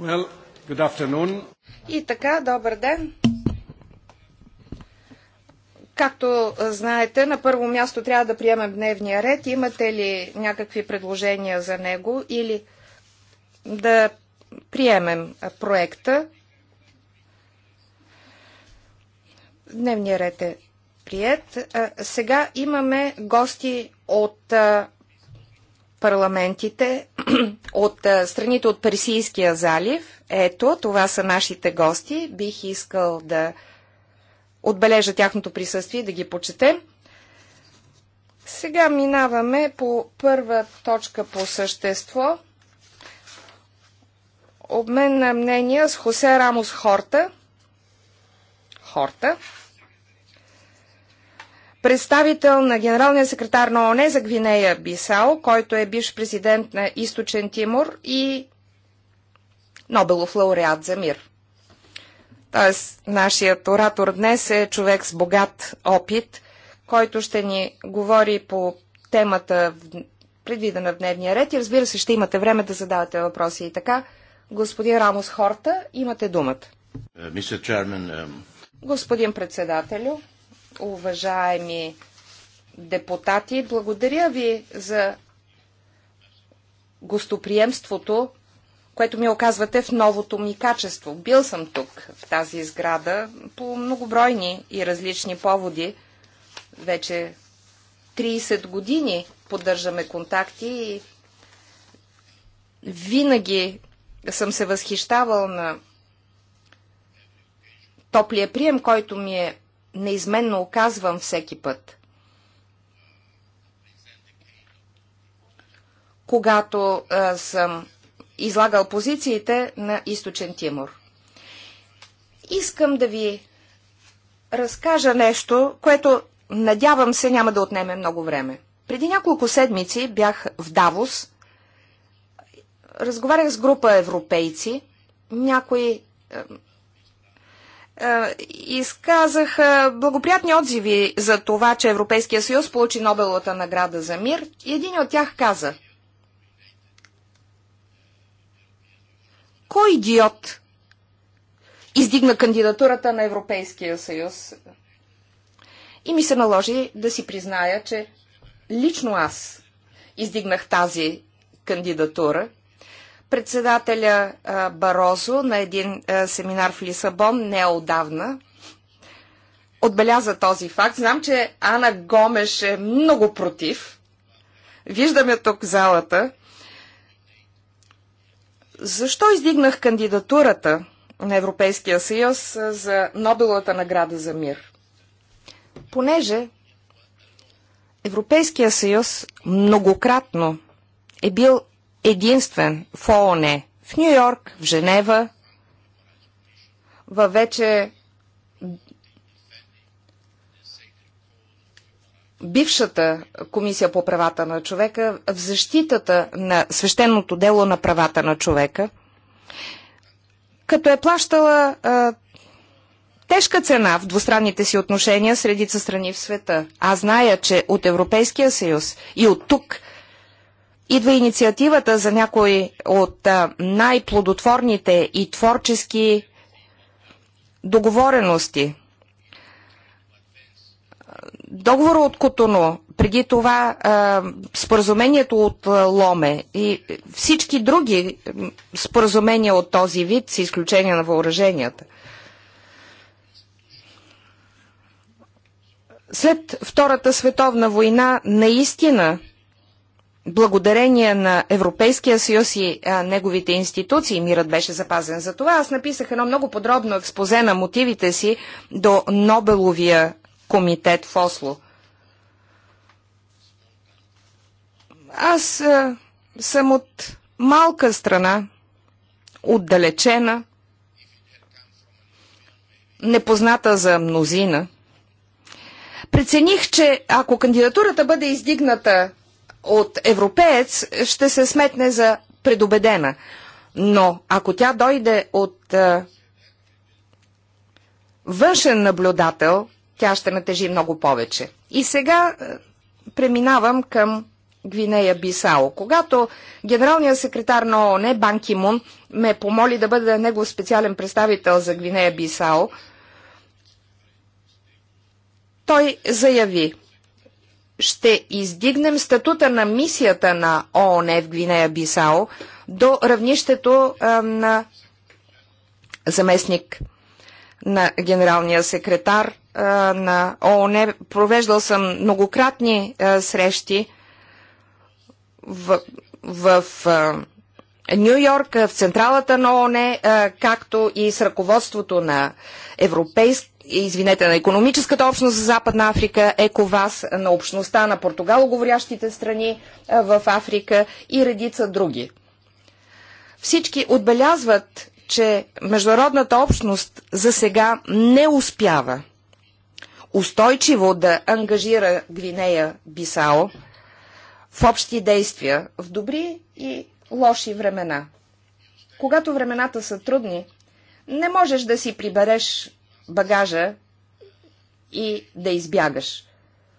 Well, good afternoon. И така, добър ден. Както знаете, на първо място трябва да приемем дневния ред. Имате ли някакви предложения за него или да приемем проекта? Дневния ред е прият. Сега имаме гости от парламентите от страните от Персийския залив. Ето, това са нашите гости. Бих искал да отбележа тяхното присъствие и да ги почетем. Сега минаваме по първа точка по същество. Обмен на мнения с Хосе Рамос Хорта. Хорта представител на генералния секретар на ОНЕ за Гвинея Бисао, който е бивш президент на Източен Тимур и Нобелов лауреат за мир. Тоест, нашият оратор днес е човек с богат опит, който ще ни говори по темата предвидена в дневния ред и разбира се ще имате време да задавате въпроси и така. Господин Рамос Хорта, имате думата. Господин председателю, уважаеми депутати. Благодаря ви за гостоприемството, което ми оказвате в новото ми качество. Бил съм тук, в тази сграда, по многобройни и различни поводи. Вече 30 години поддържаме контакти и винаги съм се възхищавал на топлия прием, който ми е неизменно оказвам всеки път. Когато а, съм излагал позициите на източен Тимор. Искам да ви разкажа нещо, което надявам се няма да отнеме много време. Преди няколко седмици бях в Давос, разговарях с група европейци, някои е, изказаха благоприятни отзиви за това, че Европейския съюз получи Нобеловата награда за мир. И един от тях каза, кой идиот издигна кандидатурата на Европейския съюз? И ми се наложи да си призная, че лично аз издигнах тази кандидатура председателя Барозо на един семинар в Лисабон не отдавна отбеляза този факт. Знам, че Ана Гомеш е много против. Виждаме тук залата. Защо издигнах кандидатурата на Европейския съюз за Нобеловата награда за мир? Понеже Европейския съюз многократно е бил единствен в ООН, е в Нью Йорк, в Женева, във вече бившата комисия по правата на човека, в защитата на свещеното дело на правата на човека, като е плащала а, тежка цена в двустранните си отношения с редица страни в света. Аз зная, че от Европейския съюз и от тук – идва инициативата за някои от най-плодотворните и творчески договорености. Договор от Котоно, преди това споразумението от Ломе и всички други споразумения от този вид, с изключение на въоръженията. След Втората световна война наистина благодарение на Европейския съюз и а, неговите институции мирът беше запазен. За това аз написах едно много подробно експозе на мотивите си до Нобеловия комитет в Осло. Аз а, съм от малка страна, отдалечена, непозната за мнозина. Прецених, че ако кандидатурата бъде издигната от европеец ще се сметне за предубедена. Но ако тя дойде от а, е, външен наблюдател, тя ще натежи много повече. И сега а, е, преминавам към Гвинея Бисао. Когато генералният секретар на ООН Бан Кимун ме помоли да бъда негов специален представител за Гвинея Бисао, той заяви – ще издигнем статута на мисията на ООН в Гвинея Бисао до равнището а, на заместник на генералния секретар а, на ООН. Провеждал съм многократни а, срещи в, в Нью Йорк, в централата на ООН, както и с ръководството на Европейския извинете, на економическата общност за Западна Африка, ЕКОВАС, на общността на португалоговорящите страни е, в Африка и редица други. Всички отбелязват, че международната общност за сега не успява устойчиво да ангажира Гвинея Бисао в общи действия в добри и лоши времена. Когато времената са трудни, не можеш да си прибереш багажа и да избягаш.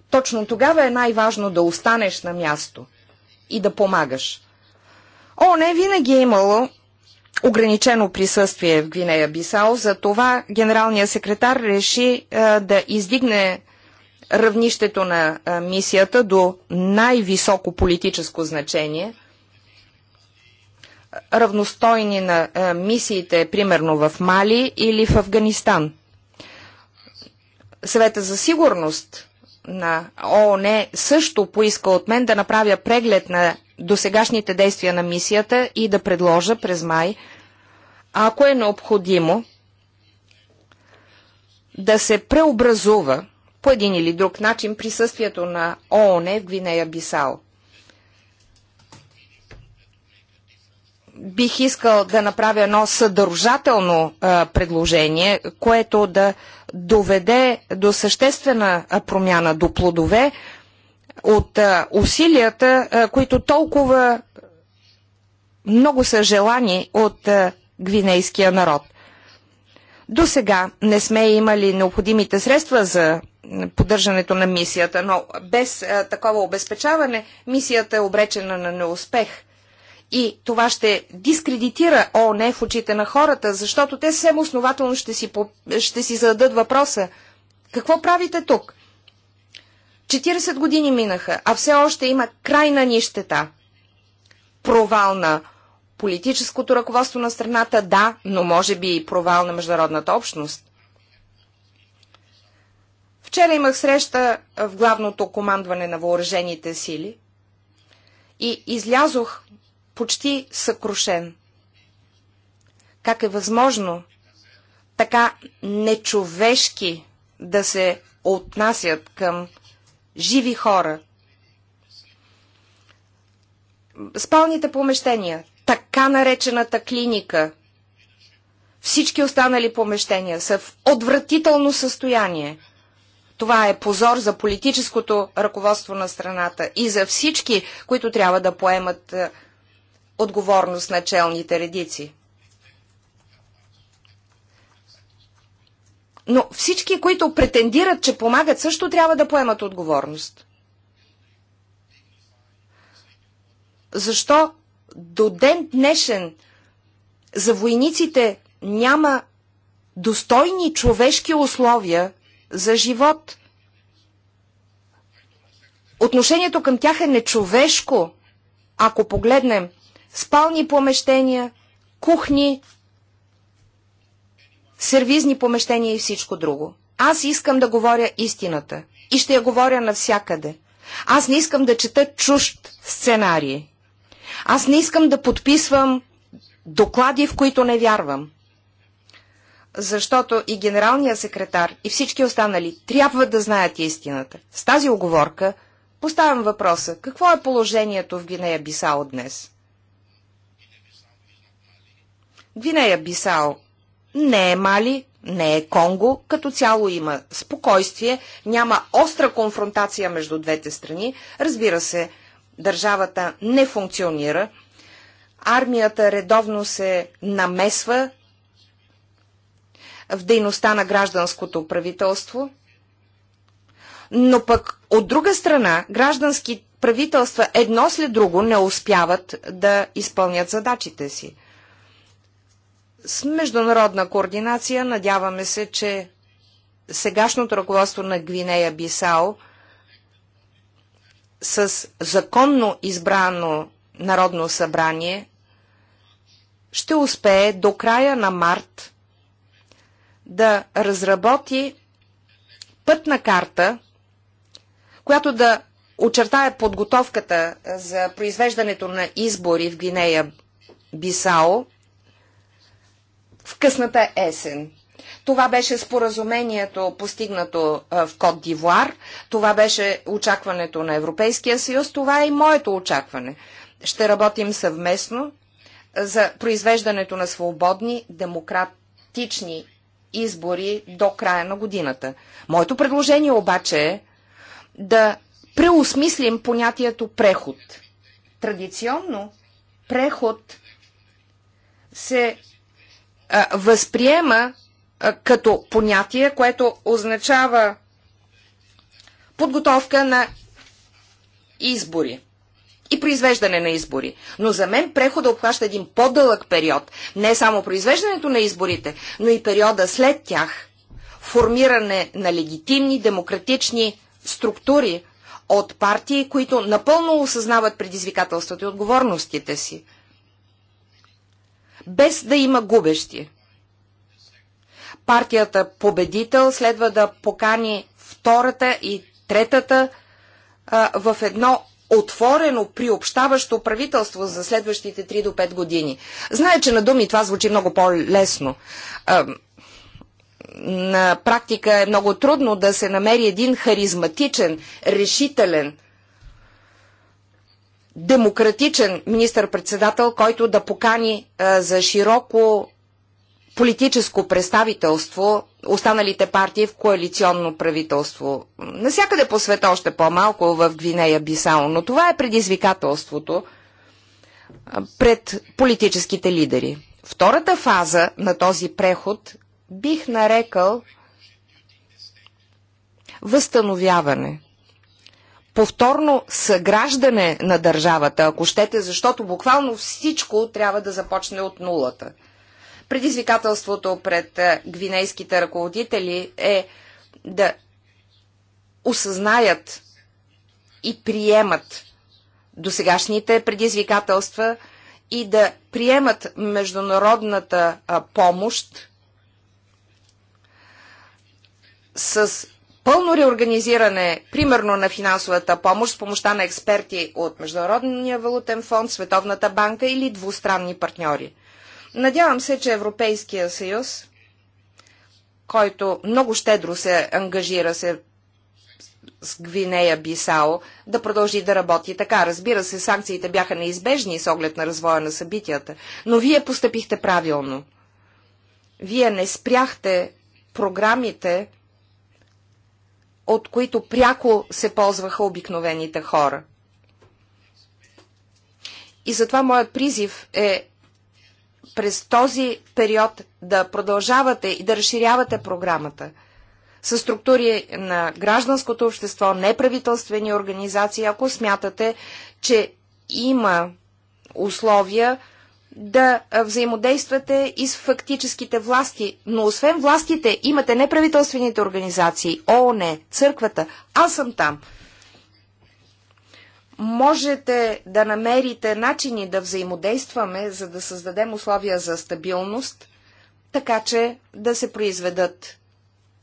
Точно тогава е най-важно да останеш на място и да помагаш. О, не винаги е имало ограничено присъствие в Гвинея Бисао, за това генералният секретар реши а, да издигне равнището на а, мисията до най-високо политическо значение, равностойни на а, мисиите, примерно в Мали или в Афганистан – Съвета за сигурност на ООН също поиска от мен да направя преглед на досегашните действия на мисията и да предложа през май, ако е необходимо, да се преобразува по един или друг начин присъствието на ООН в Гвинея Бисал. бих искал да направя едно съдържателно а, предложение, което да доведе до съществена промяна, до плодове от а, усилията, а, които толкова много са желани от гвинейския народ. До сега не сме имали необходимите средства за поддържането на мисията, но без такова обезпечаване мисията е обречена на неуспех – и това ще дискредитира ООН в очите на хората, защото те съвсем основателно ще си, ще си зададат въпроса какво правите тук? 40 години минаха, а все още има край на нищета. Провал на политическото ръководство на страната, да, но може би и провал на международната общност. Вчера имах среща в главното командване на въоръжените сили и излязох почти съкрушен. Как е възможно така нечовешки да се отнасят към живи хора? Спалните помещения, така наречената клиника, всички останали помещения са в отвратително състояние. Това е позор за политическото ръководство на страната и за всички, които трябва да поемат е, отговорност на челните редици. Но всички, които претендират, че помагат, също трябва да поемат отговорност. Защо до ден днешен за войниците няма достойни човешки условия за живот? Отношението към тях е нечовешко, ако погледнем спални помещения, кухни, сервизни помещения и всичко друго. Аз искам да говоря истината и ще я говоря навсякъде. Аз не искам да чета чужд сценарий. Аз не искам да подписвам доклади, в които не вярвам. Защото и генералният секретар, и всички останали трябва да знаят истината. С тази оговорка поставям въпроса, какво е положението в Гинея Бисао днес? Гвинея Бисао не е Мали, не е Конго, като цяло има спокойствие, няма остра конфронтация между двете страни. Разбира се, държавата не функционира, армията редовно се намесва в дейността на гражданското правителство, но пък от друга страна граждански правителства едно след друго не успяват да изпълнят задачите си. С международна координация надяваме се, че сегашното ръководство на Гвинея Бисао с законно избрано Народно събрание ще успее до края на март да разработи пътна карта, която да очертая подготовката за произвеждането на избори в Гвинея Бисао в късната есен. Това беше споразумението, постигнато в Кот Дивуар. Това беше очакването на Европейския съюз. Това е и моето очакване. Ще работим съвместно за произвеждането на свободни, демократични избори до края на годината. Моето предложение обаче е да преосмислим понятието преход. Традиционно преход се възприема като понятие, което означава подготовка на избори и произвеждане на избори. Но за мен прехода обхваща един по-дълъг период. Не само произвеждането на изборите, но и периода след тях. Формиране на легитимни демократични структури от партии, които напълно осъзнават предизвикателствата и отговорностите си без да има губещи. Партията победител следва да покани втората и третата а, в едно отворено, приобщаващо правителство за следващите 3 до 5 години. Знае, че на думи това звучи много по-лесно. На практика е много трудно да се намери един харизматичен, решителен, демократичен министър-председател, който да покани за широко политическо представителство останалите партии в коалиционно правителство. Насякъде по света още по-малко в Гвинея Бисао, но това е предизвикателството пред политическите лидери. Втората фаза на този преход бих нарекал възстановяване повторно съграждане на държавата, ако щете, защото буквално всичко трябва да започне от нулата. Предизвикателството пред е, гвинейските ръководители е да осъзнаят и приемат досегашните предизвикателства и да приемат международната помощ с пълно реорганизиране, примерно на финансовата помощ с помощта на експерти от Международния валутен фонд, Световната банка или двустранни партньори. Надявам се, че Европейския съюз, който много щедро се ангажира се с Гвинея Бисао, да продължи да работи така. Разбира се, санкциите бяха неизбежни с оглед на развоя на събитията, но вие постъпихте правилно. Вие не спряхте програмите, от които пряко се ползваха обикновените хора. И затова моят призив е през този период да продължавате и да разширявате програмата с структури на гражданското общество, неправителствени организации, ако смятате, че има условия да взаимодействате и с фактическите власти. Но освен властите, имате неправителствените организации, ООН, църквата. Аз съм там. Можете да намерите начини да взаимодействаме, за да създадем условия за стабилност, така че да се произведат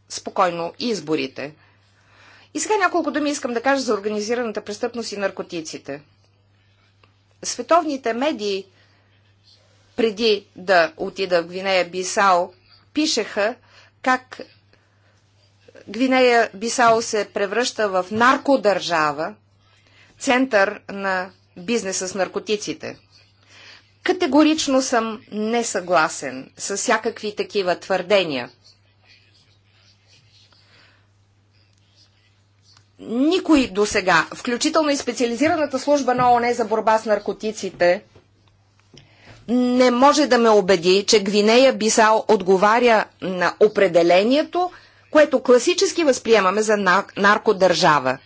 спокойно изборите. И сега няколко думи искам да кажа за организираната престъпност и наркотиците. Световните медии преди да отида в Гвинея Бисао, пишеха как Гвинея Бисао се превръща в наркодържава, център на бизнеса с наркотиците. Категорично съм несъгласен с всякакви такива твърдения. Никой до сега, включително и специализираната служба на ОНЕ за борба с наркотиците, не може да ме убеди, че Гвинея Бисал отговаря на определението, което класически възприемаме за нар наркодържава.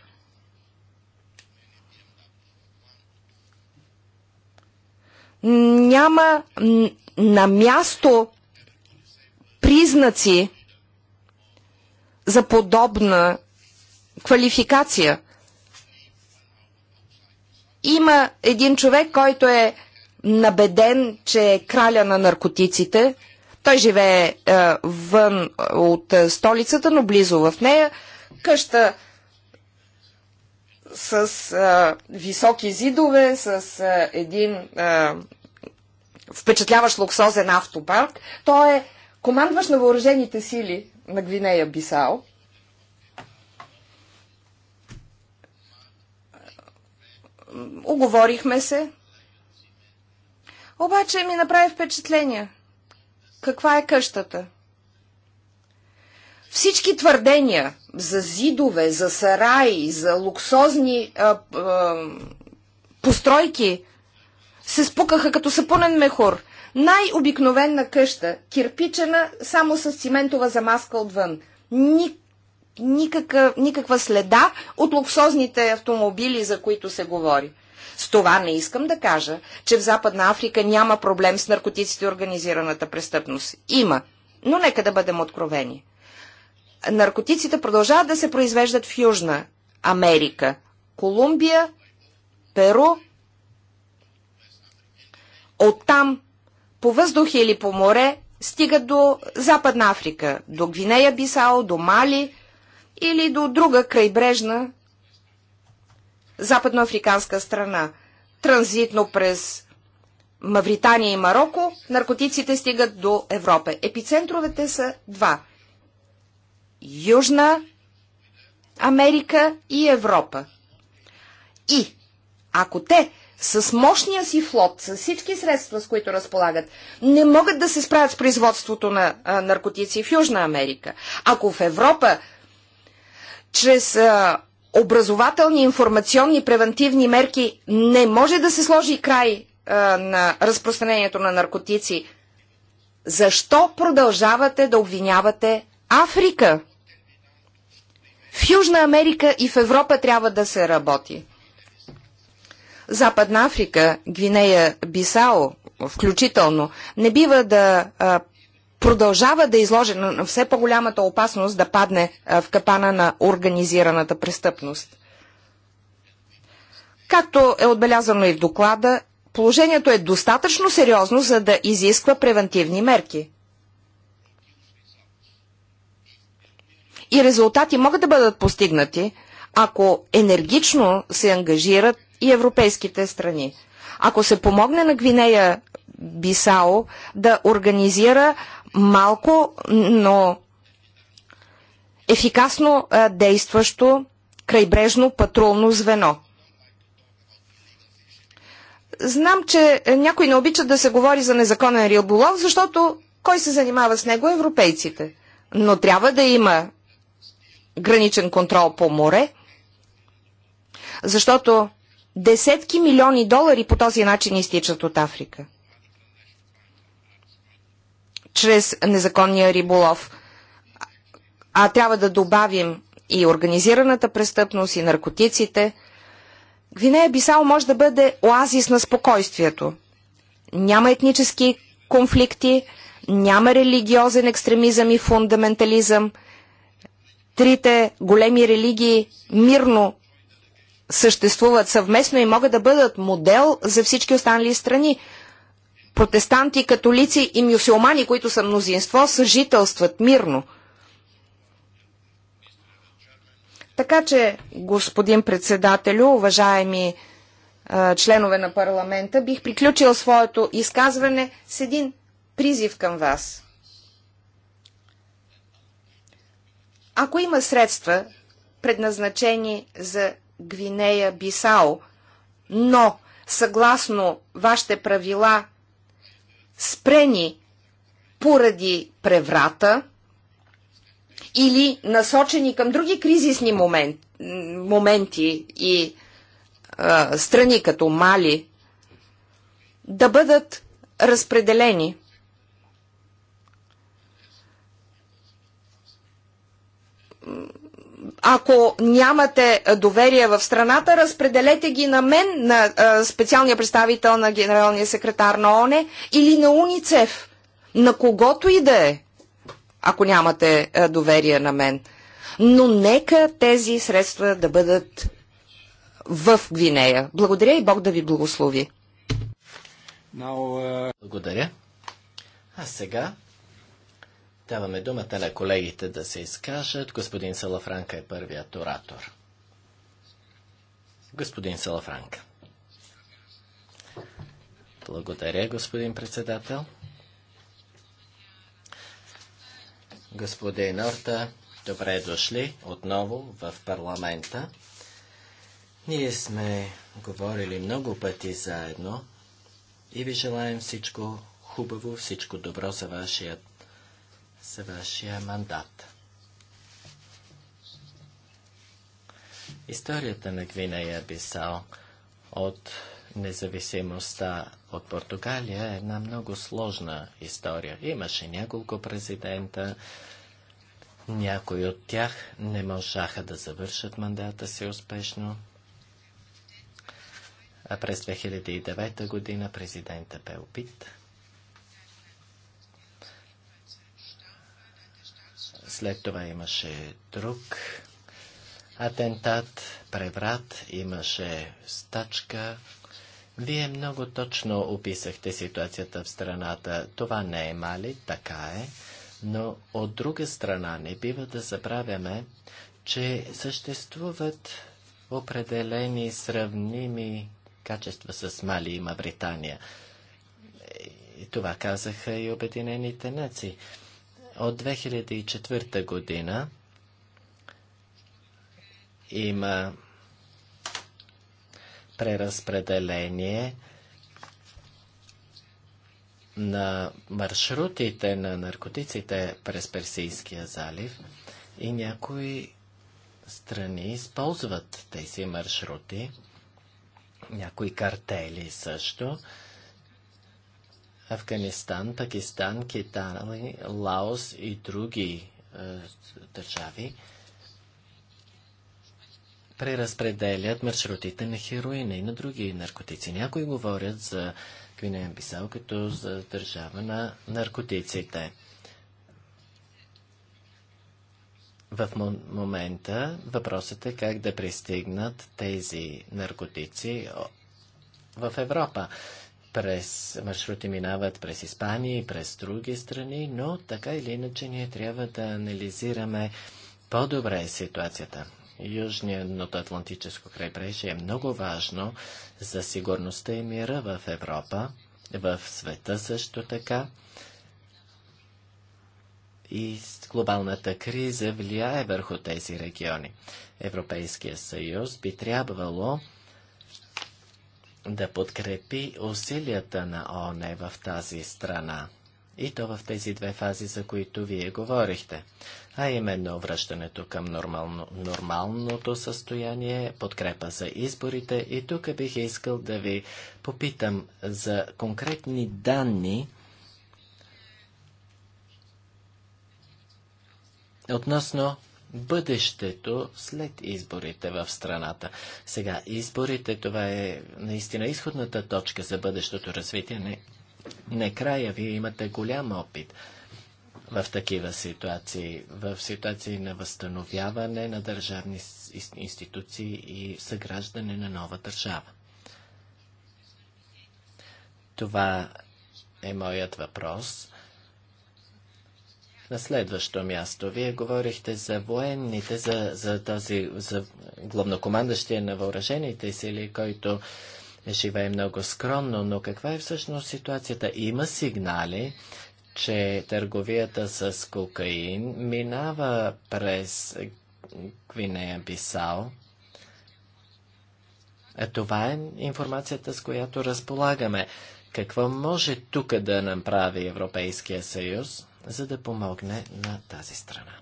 Няма на място признаци за подобна квалификация. Има един човек, който е набеден, че е краля на наркотиците. Той живее е, вън от е, столицата, но близо в нея. Къща с е, високи зидове, с е, един е, впечатляващ луксозен автопарк. Той е командващ на въоръжените сили на Гвинея Бисао. Оговорихме се, обаче ми направи впечатление. Каква е къщата? Всички твърдения за зидове, за сараи, за луксозни а, а, постройки се спукаха като сапунен мехур. Най-обикновена къща, кирпичена само с циментова замазка отвън. Ни, никакъв, никаква следа от луксозните автомобили, за които се говори. С това не искам да кажа, че в Западна Африка няма проблем с наркотиците и организираната престъпност. Има, но нека да бъдем откровени. Наркотиците продължават да се произвеждат в Южна Америка, Колумбия, Перу. Оттам по въздух или по море стигат до Западна Африка, до Гвинея Бисао, до Мали или до друга крайбрежна западноафриканска страна. Транзитно през Мавритания и Марокко наркотиците стигат до Европа. Епицентровете са два. Южна Америка и Европа. И ако те с мощния си флот, с всички средства, с които разполагат, не могат да се справят с производството на а, наркотици в Южна Америка. Ако в Европа, чрез а, образователни, информационни, превентивни мерки не може да се сложи край а, е, на разпространението на наркотици, защо продължавате да обвинявате Африка? В Южна Америка и в Европа трябва да се работи. Западна Африка, Гвинея, Бисао, включително, не бива да а, продължава да изложи на все по-голямата опасност да падне в капана на организираната престъпност. Както е отбелязано и в доклада, положението е достатъчно сериозно, за да изисква превентивни мерки. И резултати могат да бъдат постигнати, ако енергично се ангажират и европейските страни. Ако се помогне на Гвинея Бисао да организира малко, но ефикасно действащо крайбрежно патрулно звено. Знам, че е, някой не обича да се говори за незаконен риболов, защото кой се занимава с него? Европейците. Но трябва да има граничен контрол по море, защото десетки милиони долари по този начин изтичат от Африка чрез незаконния риболов. А трябва да добавим и организираната престъпност, и наркотиците. Гвинея Бисао може да бъде оазис на спокойствието. Няма етнически конфликти, няма религиозен екстремизъм и фундаментализъм. Трите големи религии мирно съществуват съвместно и могат да бъдат модел за всички останали страни протестанти, католици и мюсюлмани, които са мнозинство, съжителстват мирно. Така че, господин председателю, уважаеми а, членове на парламента, бих приключил своето изказване с един призив към вас. Ако има средства, предназначени за Гвинея Бисао, но съгласно вашите правила спрени поради преврата или насочени към други кризисни момент, моменти и а, страни като Мали, да бъдат разпределени. Ако нямате доверие в страната, разпределете ги на мен, на специалния представител на генералния секретар на ОНЕ или на УНИЦЕФ, на когото и да е, ако нямате доверие на мен. Но нека тези средства да бъдат в Гвинея. Благодаря и Бог да ви благослови. Uh, Благодаря. А сега Даваме думата на колегите да се изкажат. Господин Салафранка е първият оратор. Господин Салафранка. Благодаря, господин председател. Господин Орта, добре дошли отново в парламента. Ние сме говорили много пъти заедно и ви желаем всичко хубаво, всичко добро за вашият Съвършия мандат. Историята на Гвинея Бисал от независимостта от Португалия е една много сложна история. Имаше няколко президента, някои от тях не можаха да завършат мандата си успешно. А през 2009 година президента бе убит. След това имаше друг атентат, преврат, имаше стачка. Вие много точно описахте ситуацията в страната. Това не е мали, така е. Но от друга страна не бива да забравяме, че съществуват определени сравними качества с Мали и Мавритания. И това казаха и Обединените нации. От 2004 година има преразпределение на маршрутите на наркотиците през Персийския залив и някои страни използват тези маршрути, някои картели също. Афганистан, Пакистан, Китай, Лаос и други е, държави преразпределят маршрутите на хероина и на други наркотици. Някои говорят за Квинея Бисал като за държава на наркотиците. В момента въпросът е как да пристигнат тези наркотици в Европа през маршрути минават през Испания и през други страни, но така или иначе ние трябва да анализираме по-добре ситуацията. Южният Атлантическо крайбрежие е много важно за сигурността и мира в Европа, в света също така. И глобалната криза влияе върху тези региони. Европейския съюз би трябвало да подкрепи усилията на ОНЕ в тази страна. И то в тези две фази, за които вие говорихте. А именно връщането към нормално, нормалното състояние, подкрепа за изборите. И тук бих искал да ви попитам за конкретни данни относно бъдещето след изборите в страната. Сега, изборите, това е наистина изходната точка за бъдещото развитие. Не, не края, вие имате голям опит в такива ситуации, в ситуации на възстановяване на държавни институции и съграждане на нова държава. Това е моят въпрос. На следващо място, вие говорихте за военните, за, за този, за главнокомандащия на въоръжените сили, който живее много скромно, но каква е всъщност ситуацията? Има сигнали, че търговията с кокаин минава през Гвинея Бисао. Това е информацията, с която разполагаме. Какво може тук да направи Европейския съюз? за да помогне на тази страна.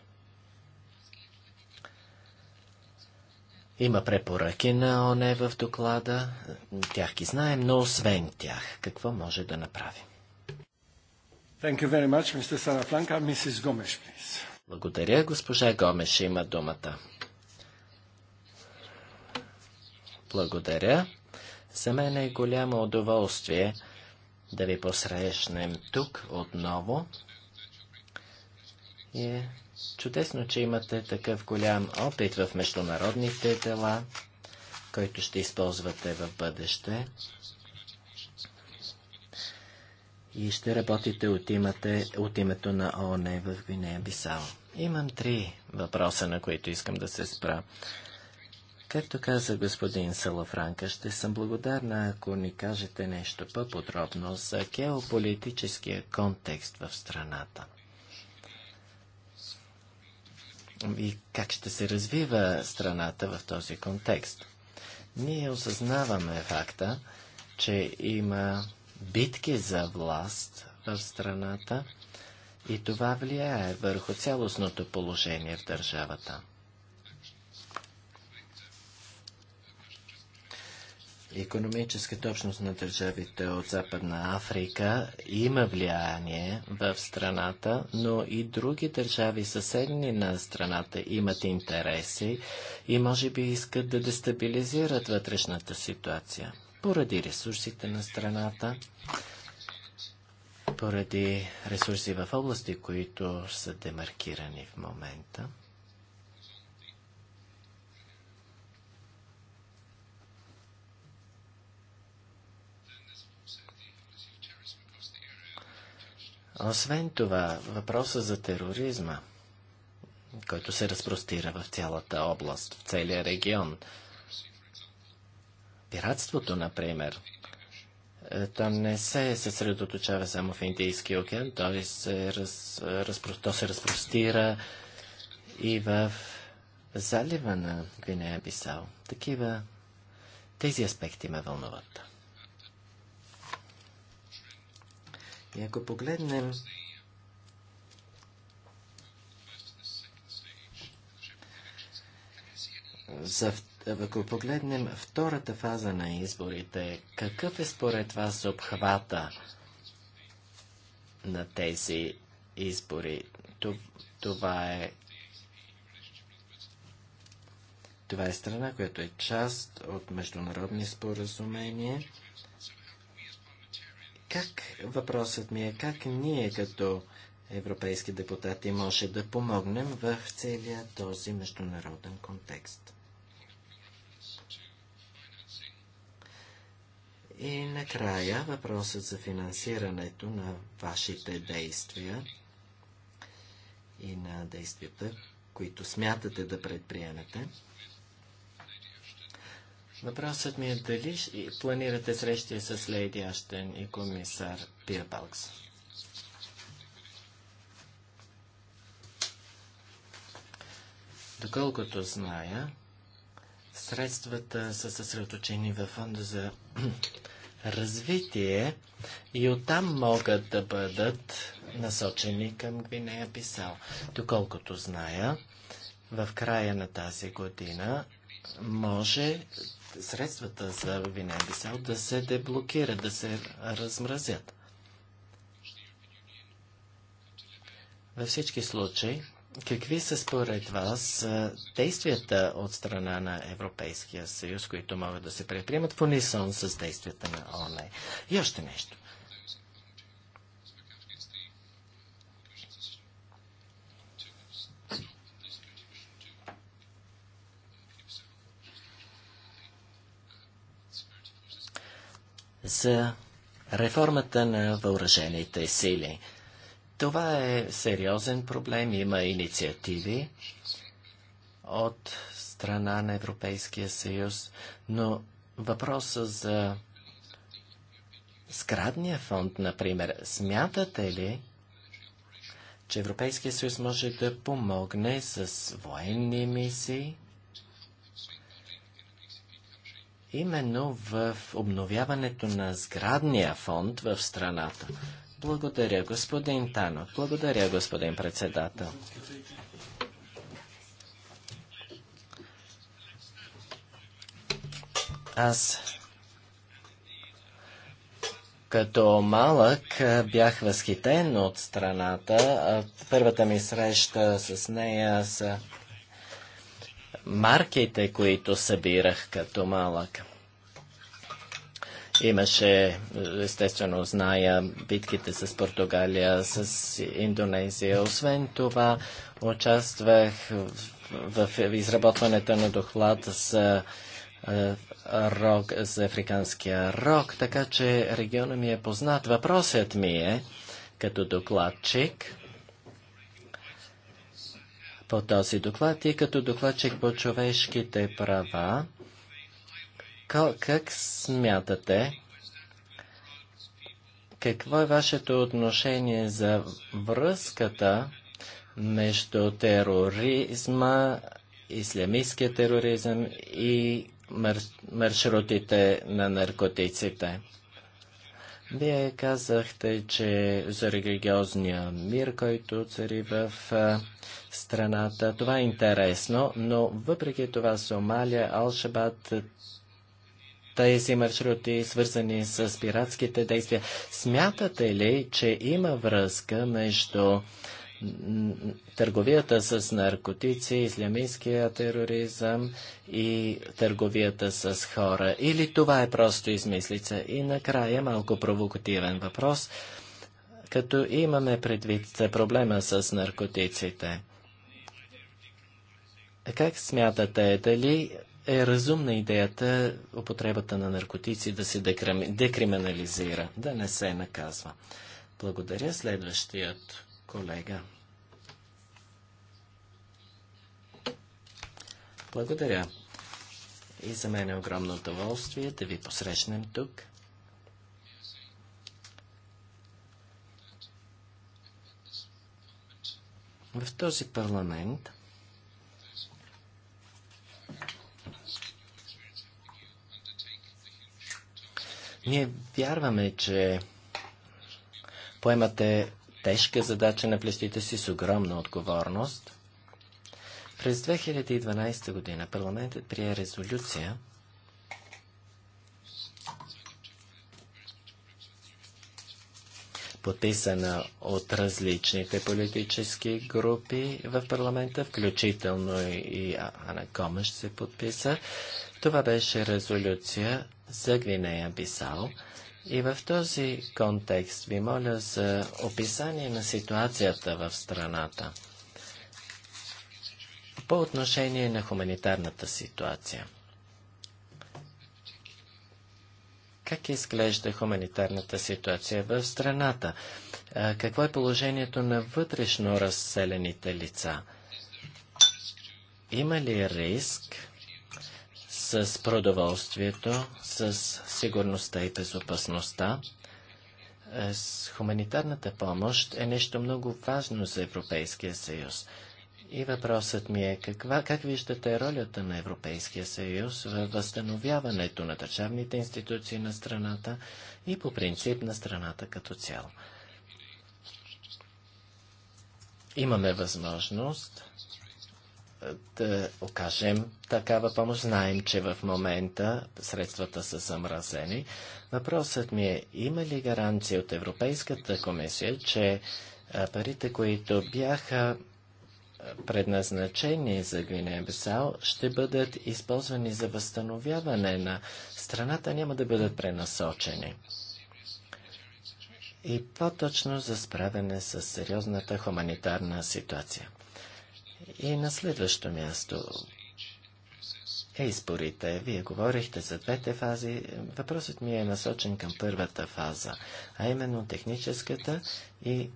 Има препоръки на ОНЕ в доклада, тях ги знаем, но освен тях, какво може да направим? Thank you very much, Mr. Mrs. Gomes, please. Благодаря, госпожа Гомеш има думата. Благодаря. За мен е голямо удоволствие да ви посрещнем тук отново и е чудесно, че имате такъв голям опит в международните дела, който ще използвате в бъдеще. И ще работите от, имате, от името на ООН в Гвинея Бисао. Имам три въпроса, на които искам да се спра. Както каза господин Салафранка, ще съм благодарна, ако ни кажете нещо по-подробно за геополитическия контекст в страната и как ще се развива страната в този контекст. Ние осъзнаваме факта, че има битки за власт в страната и това влияе върху цялостното положение в държавата. Економическата общност на държавите от Западна Африка има влияние в страната, но и други държави съседни на страната имат интереси и може би искат да дестабилизират вътрешната ситуация. Поради ресурсите на страната, поради ресурси в области, които са демаркирани в момента. Освен това, въпроса за тероризма, който се разпростира в цялата област, в целия регион. Пиратството, например, е, то не се съсредоточава само в Индийския океан, то се раз, разпро, то се разпростира и в залива на Гвинея Бисал. Такива тези аспекти ме вълнуват. И Ако погледнем за, ако погледнем втората фаза на изборите, какъв е според вас обхвата на тези избори? Това е това е страна, която е част от международни споразумения как, въпросът ми е, как ние като европейски депутати може да помогнем в целия този международен контекст? И накрая въпросът за финансирането на вашите действия и на действията, които смятате да предприемете. Въпросът ми е дали планирате срещи с Лейди Аштен и комисар Пирбалкс. Доколкото зная, средствата са съсредоточени във фонда за развитие и оттам могат да бъдат насочени към Гвинея Бисал. Доколкото зная, в края на тази година може средствата за Винебисел да се деблокират, да се размразят. Във всички случаи, какви са според вас действията от страна на Европейския съюз, които могат да се предприемат в унисон с действията на ОНЕ? И още нещо. за реформата на въоръжените сили. Това е сериозен проблем. Има инициативи от страна на Европейския съюз, но въпроса за сградния фонд, например, смятате ли, че Европейския съюз може да помогне с военни мисии? именно в обновяването на сградния фонд в страната. Благодаря, господин Тано. Благодаря, господин председател. Аз като малък бях възхитен от страната. Първата ми среща с нея са марките, които събирах като малък. Имаше, естествено, зная битките с Португалия, с Индонезия. Освен това, участвах в, в, в изработването на доклад за е, рок, за африканския рок, така че региона ми е познат. Въпросът ми е, като докладчик, по този доклад и като докладчик по човешките права. Как смятате, какво е вашето отношение за връзката между тероризма, ислямистския тероризъм и маршрутите на наркотиците? Вие казахте, че за религиозния мир, който цари в страната, това е интересно, но въпреки това Сомалия, Алшабад, тези маршрути, свързани с пиратските действия, смятате ли, че има връзка между търговията с наркотици, ислямистския тероризъм и търговията с хора. Или това е просто измислица. И накрая малко провокативен въпрос, като имаме предвид проблема с наркотиците. Как смятате, дали е разумна идеята употребата на наркотици да се декрим... декриминализира, да не се наказва? Благодаря. Следващият колега. Благодаря. И за мен е огромно удоволствие да ви посрещнем тук. В този парламент ние вярваме, че поемате тежка задача на плещите си с огромна отговорност. През 2012 година парламентът прие резолюция, подписана от различните политически групи в парламента, включително и Ана Комаш се подписа. Това беше резолюция за Гвинея Бисал – и в този контекст ви моля за описание на ситуацията в страната по отношение на хуманитарната ситуация. Как изглежда хуманитарната ситуация в страната? Какво е положението на вътрешно разселените лица? Има ли риск с продоволствието, с сигурността и безопасността. Е, с хуманитарната помощ е нещо много важно за Европейския съюз. И въпросът ми е каква, как виждате ролята на Европейския съюз в възстановяването на държавните институции на страната и по принцип на страната като цяло? Имаме възможност да окажем такава помощ. Знаем, че в момента средствата са замразени. Въпросът ми е, има ли гаранция от Европейската комисия, че парите, които бяха предназначени за гвинея Бесал, ще бъдат използвани за възстановяване на страната, няма да бъдат пренасочени. И по-точно за справяне с сериозната хуманитарна ситуация. И на следващо място е изборите. Вие говорихте за двете фази. Въпросът ми е насочен към първата фаза, а именно техническата и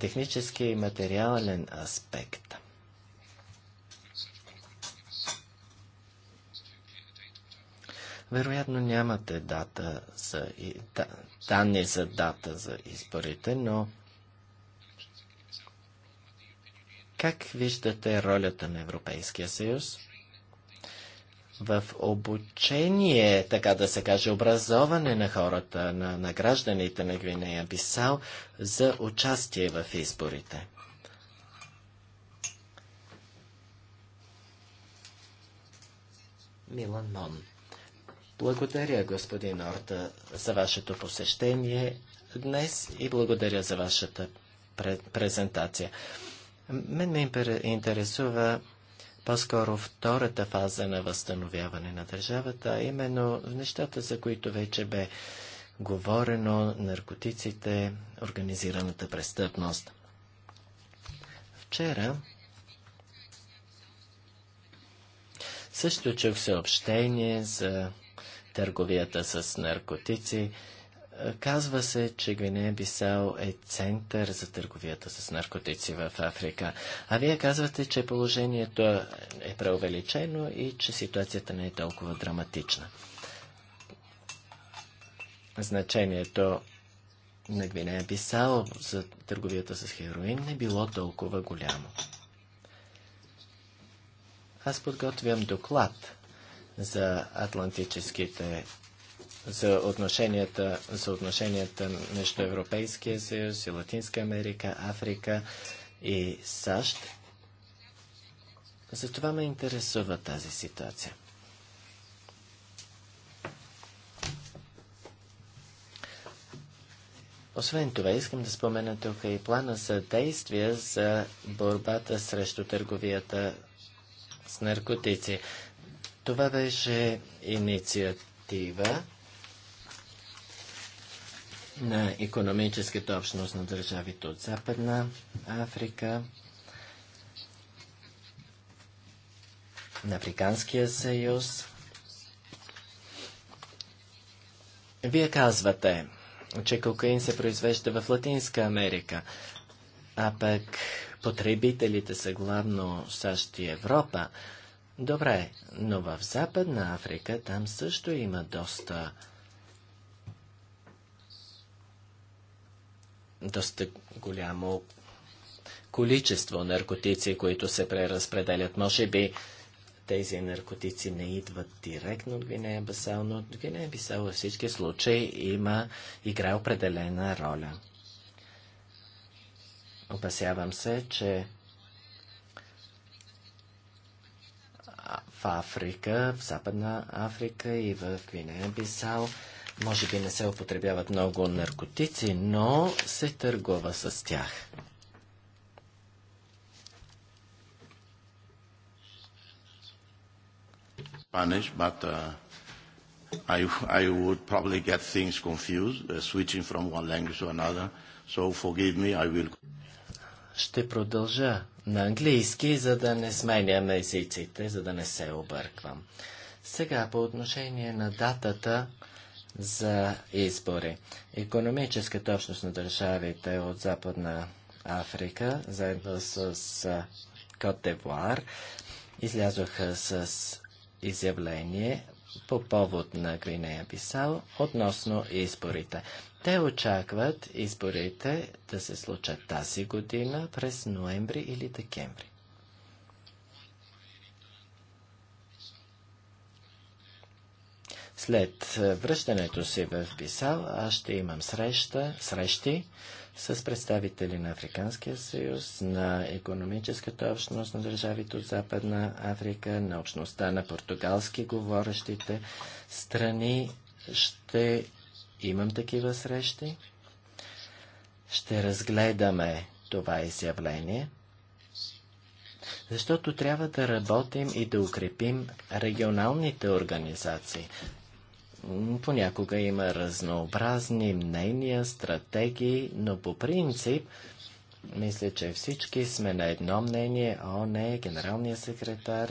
технически и материален аспект. Вероятно нямате дата за, да, данни за дата за изборите, но Как виждате ролята на Европейския съюз? в обучение, така да се каже, образоване на хората, на, на гражданите на Гвинея Бисал за участие в изборите. Милан Мон. Благодаря, господин Орта, за вашето посещение днес и благодаря за вашата презентация. Мен ме интересува по-скоро втората фаза на възстановяване на държавата, а именно в нещата, за които вече бе говорено, наркотиците, организираната престъпност. Вчера също чух съобщение за търговията с наркотици. Казва се, че Гвинея-Бисао е център за търговията с наркотици в Африка. А вие казвате, че положението е преувеличено и че ситуацията не е толкова драматична. Значението на Гвинея-Бисао за търговията с хероин не било толкова голямо. Аз подготвям доклад за атлантическите за отношенията, за отношенията между Европейския съюз и Латинска Америка, Африка и САЩ. Затова ме интересува тази ситуация. Освен това, искам да спомена тук и плана за действия за борбата срещу търговията с наркотици. Това беше инициатива, на економическата общност на държавите от Западна Африка, на Африканския съюз. Вие казвате, че кокаин се произвежда в Латинска Америка, а пък потребителите са главно САЩ и Европа. Добре, но в Западна Африка там също има доста доста голямо количество наркотици, които се преразпределят. Може би тези наркотици не идват директно от Гвинея Басал, но от Гвинея Бисал във всички случаи има, игра определена роля. Опасявам се, че в Африка, в Западна Африка и в Гвинея Бисал може би не се употребяват много наркотици, но се търгува с тях. Spanish, but uh, I, I would probably get things confused, uh, switching from one language to another. So forgive me, I will. Ще продължа на английски, за да не сменям езиците, за да не се обърквам. Сега по отношение на датата, за избори. Економическата общност на държавите от Западна Африка, заедно с Котевуар, излязоха с изявление по повод на Гвинея Бисал относно изборите. Те очакват изборите да се случат тази година през ноември или декември. След е, връщането си в Бисал, аз ще имам среща, срещи с представители на Африканския съюз, на економическата общност на държавите от Западна Африка, на общността на португалски говорещите страни. Ще имам такива срещи. Ще разгледаме това изявление, защото трябва да работим и да укрепим регионалните организации. Понякога има разнообразни мнения, стратегии, но по принцип мисля, че всички сме на едно мнение. О, не, Генералния секретар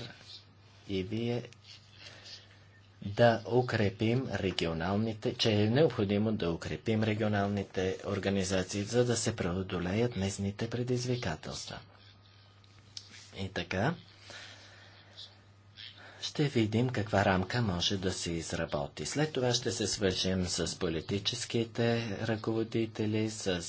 и вие да укрепим регионалните, че е необходимо да укрепим регионалните организации, за да се преодолеят местните предизвикателства. И така, ще видим каква рамка може да се изработи. След това ще се свържем с политическите ръководители, с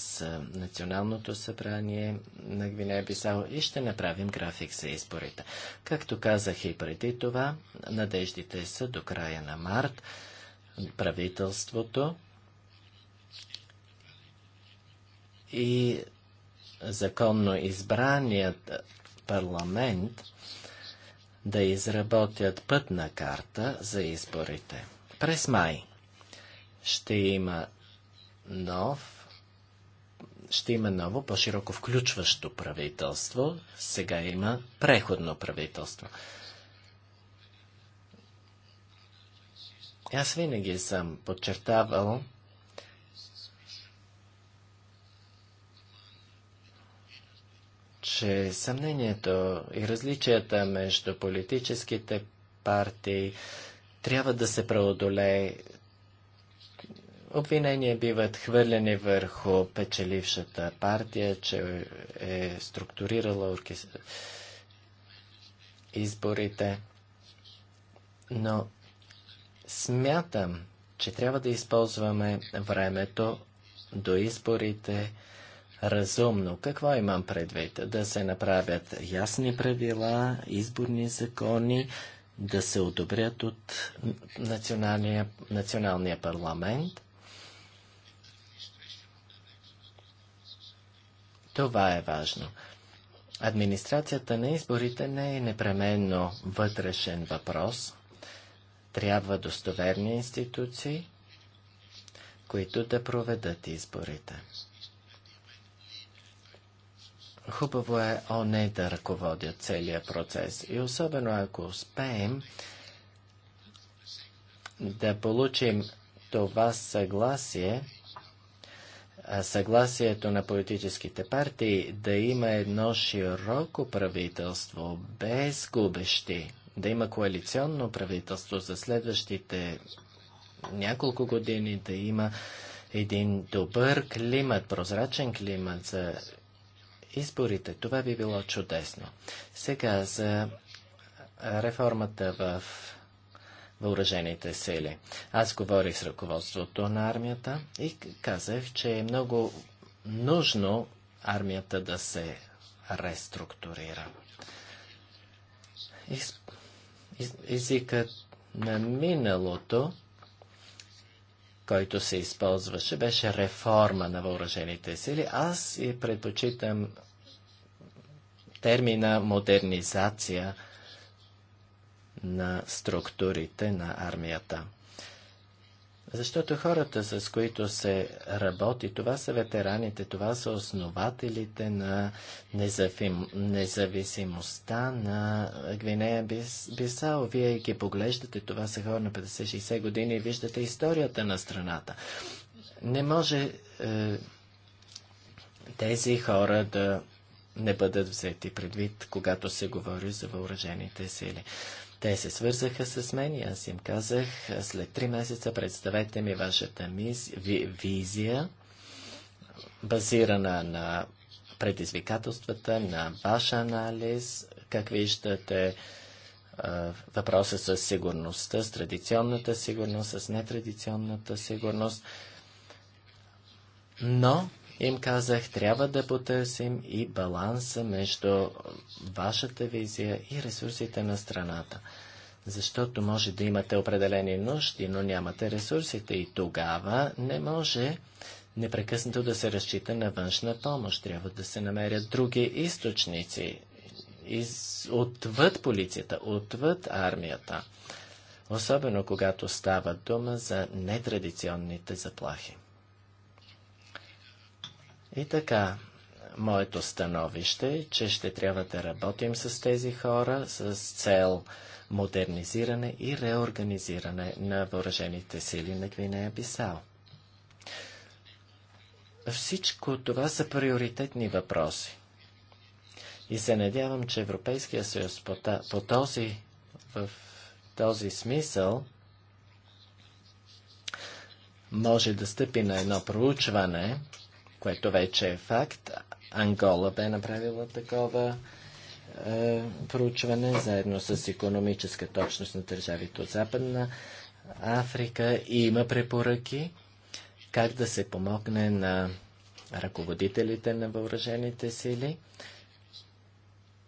Националното събрание на Гвинея-Бисао и ще направим график за изборите. Както казах и преди това, надеждите са до края на март. Правителството и законно избраният парламент да изработят пътна карта за изборите. През май ще има нов ще има ново, по-широко включващо правителство. Сега има преходно правителство. Аз винаги съм подчертавал че съмнението и различията между политическите партии трябва да се преодолее. Обвинения биват хвърлени върху печелившата партия, че е структурирала изборите. Но смятам, че трябва да използваме времето до изборите, разумно. Какво имам предвид? Да се направят ясни правила, изборни закони, да се одобрят от националния, националния парламент. Това е важно. Администрацията на изборите не е непременно вътрешен въпрос. Трябва достоверни институции, които да проведат изборите. Хубаво е ОНЕ да ръководят целия процес и особено ако успеем да получим това съгласие, съгласието на политическите партии да има едно широко правителство без губещи, да има коалиционно правителство за следващите няколко години, да има един добър климат, прозрачен климат за изборите. Това би било чудесно. Сега за реформата в въоръжените сили. Аз говорих с ръководството на армията и казах, че е много нужно армията да се реструктурира. Из, из, езикът на миналото който се използваше, беше реформа на въоръжените сили. Аз и предпочитам термина модернизация на структурите на армията. Защото хората, с които се работи, това са ветераните, това са основателите на независим, независимостта на Гвинея Бисао. Вие ги поглеждате, това са хора на 50-60 години и виждате историята на страната. Не може е, тези хора да не бъдат взети предвид, когато се говори за въоръжените сили. Те се свързаха с мен и аз им казах, след три месеца представете ми вашата миз... ви... визия, базирана на предизвикателствата, на ваш анализ, как виждате а, въпроса с сигурността, с традиционната сигурност, с нетрадиционната сигурност. Но им казах, трябва да потърсим и баланса между вашата визия и ресурсите на страната. Защото може да имате определени нужди, но нямате ресурсите и тогава не може непрекъснато да се разчита на външна помощ. Трябва да се намерят други източници из, отвъд полицията, отвъд армията. Особено когато става дума за нетрадиционните заплахи. И така, моето становище е, че ще трябва да работим с тези хора с цел модернизиране и реорганизиране на въоръжените сили на Гвинея Бисао. Всичко това са приоритетни въпроси. И се надявам, че Европейския съюз по, по този, в този смисъл може да стъпи на едно проучване, което вече е факт. Ангола бе направила такова е, проучване, заедно с економическа точност на държавите от Западна Африка и има препоръки как да се помогне на ръководителите на въоръжените сили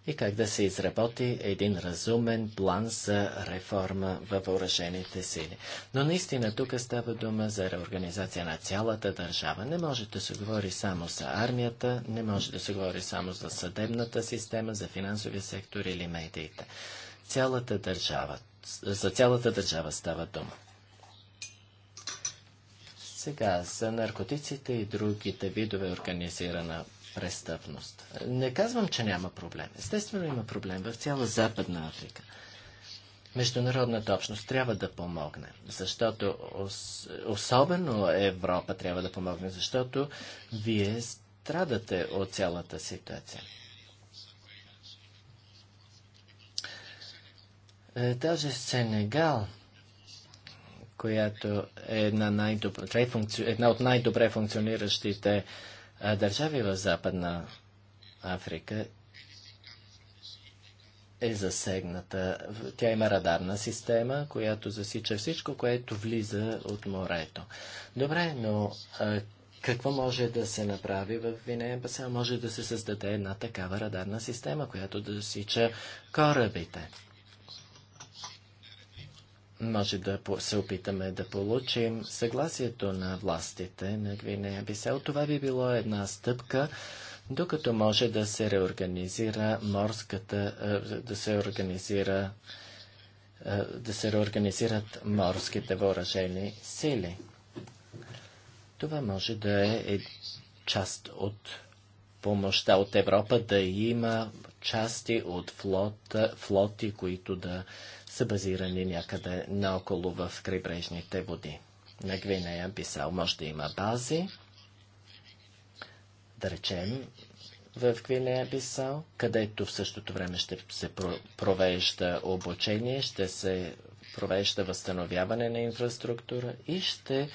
и как да се изработи един разумен план за реформа във въоръжените сили. Но наистина тук става дума за реорганизация на цялата държава. Не може да се говори само за армията, не може да се говори само за съдебната система, за финансовия сектор или медиите. Цялата държава, за цялата държава става дума. Сега за наркотиците и другите видове организирана престъпност. Не казвам, че няма проблем. Естествено има проблем в цяла Западна Африка. Международната общност трябва да помогне, защото особено Европа трябва да помогне, защото вие страдате от цялата ситуация. Е, даже Сенегал, която е една, най-добре, една от най-добре функциониращите държави в Западна Африка е засегната. Тя има радарна система, която засича всичко, което влиза от морето. Добре, но а, какво може да се направи в Винея Басел? Може да се създаде една такава радарна система, която да засича корабите може да се опитаме да получим съгласието на властите на Гвинея Бисел. Това би било една стъпка, докато може да се реорганизира морската, е, да се организира е, да се реорганизират морските въоръжени сили. Това може да е част от помощта от Европа, да има части от флот, флоти, които да са базирани някъде наоколо в крайбрежните води. На Гвинея Бисал може да има бази, да речем, в Гвинея Бисал, където в същото време ще се провежда обучение, ще се провежда възстановяване на инфраструктура и ще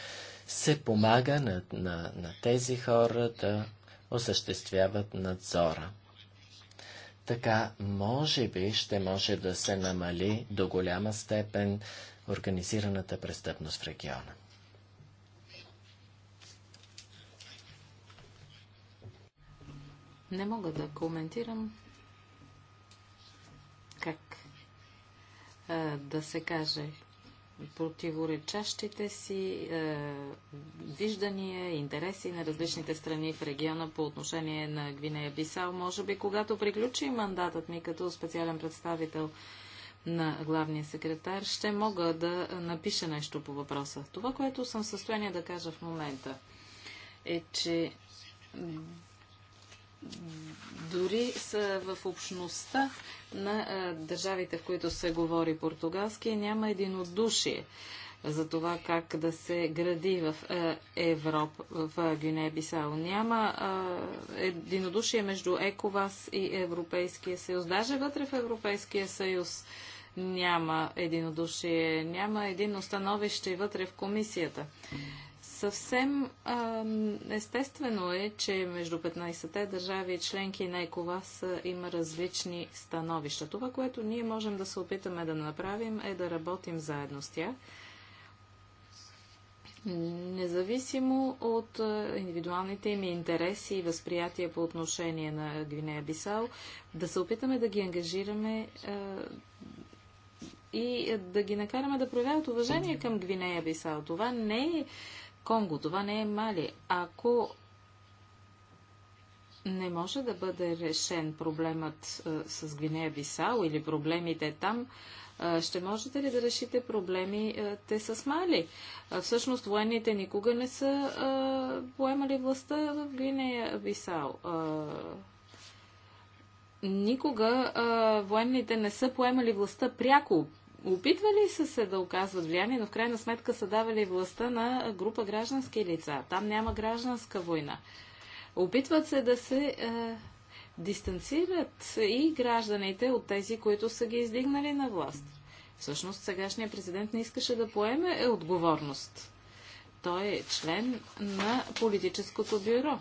се помага на, на, на тези хора да осъществяват надзора. Така, може би, ще може да се намали до голяма степен организираната престъпност в региона. Не мога да коментирам как а, да се каже противоречащите си е, виждания, интереси на различните страни в региона по отношение на Гвинея Бисал. Може би, когато приключи мандатът ми като специален представител на главния секретар, ще мога да напиша нещо по въпроса. Това, което съм в състояние да кажа в момента, е, че дори са в общността на а, държавите, в които се говори португалски, няма единодушие за това как да се гради в Европа, в Гюнебисао. Няма единодушие между ЕКОВАС и Европейския съюз. Даже вътре в Европейския съюз няма единодушие, няма единно становище вътре в комисията. Съвсем а, естествено е, че между 15-те държави и членки на ЕКОВАС има различни становища. Това, което ние можем да се опитаме да направим, е да работим заедно с тях, независимо от индивидуалните им интереси и възприятия по отношение на Гвинея-Бисал, да се опитаме да ги ангажираме а, и да ги накараме да проявяват уважение към Гвинея Бисал. Това не е Конго. Това не е Мали. Ако не може да бъде решен проблемът а, с Гвинея Бисао или проблемите там, а, ще можете ли да решите проблемите с Мали? А, всъщност военните никога не са поемали властта в Гвинея Бисао. Никога военните не са поемали властта пряко опитвали са се да оказват влияние, но в крайна сметка са давали властта на група граждански лица. Там няма гражданска война. Опитват се да се е, дистанцират и гражданите от тези, които са ги издигнали на власт. Всъщност сегашният президент не искаше да поеме отговорност. Той е член на политическото бюро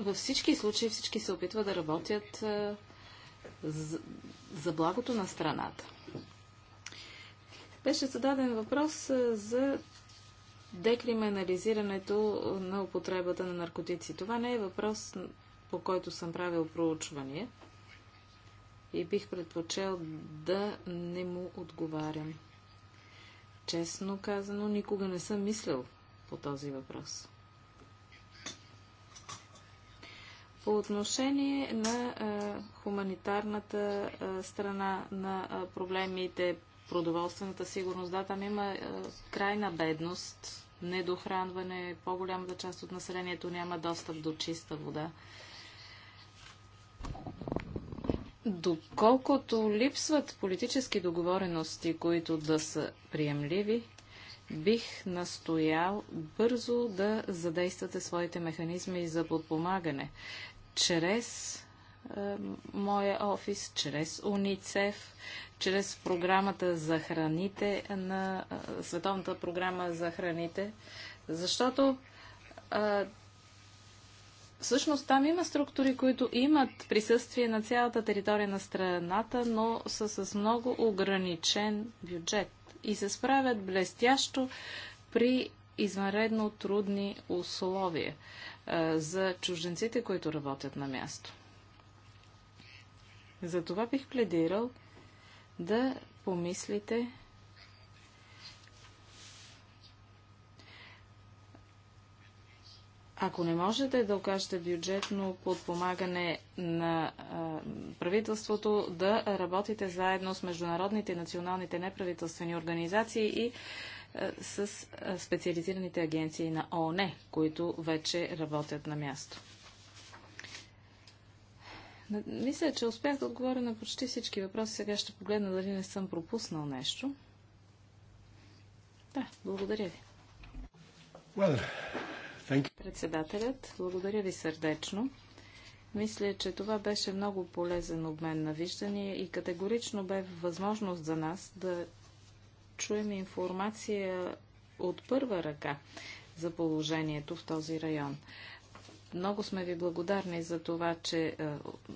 във всички случаи всички се опитват да работят е, за, за благото на страната. Беше зададен въпрос е, за декриминализирането на употребата на наркотици. Това не е въпрос, по който съм правил проучвания и бих предпочел да не му отговарям. Честно казано, никога не съм мислил по този въпрос. По отношение на хуманитарната страна на проблемите, продоволствената сигурност, да, там има крайна бедност, недохранване, по-голямата част от населението няма достъп до чиста вода. Доколкото липсват политически договорености, които да са приемливи, бих настоял бързо да задействате своите механизми за подпомагане чрез е, моя офис, чрез УНИЦЕФ, чрез програмата за храните на е, Световната програма за храните, защото е, всъщност там има структури, които имат присъствие на цялата територия на страната, но са с много ограничен бюджет и се справят блестящо при извънредно трудни условия за чужденците, които работят на място. За това бих пледирал да помислите Ако не можете да окажете бюджетно подпомагане на а, правителството, да работите заедно с международните и националните неправителствени организации и е, с е, специализираните агенции на ООН, които вече работят на място. Мисля, че успях да отговоря на почти всички въпроси. Сега ще погледна дали не съм пропуснал нещо. Да, благодаря ви. Well, thank you. Председателят, благодаря ви сърдечно. Мисля, че това беше много полезен обмен на виждания и категорично бе възможност за нас да чуем информация от първа ръка за положението в този район. Много сме ви благодарни за това, че е,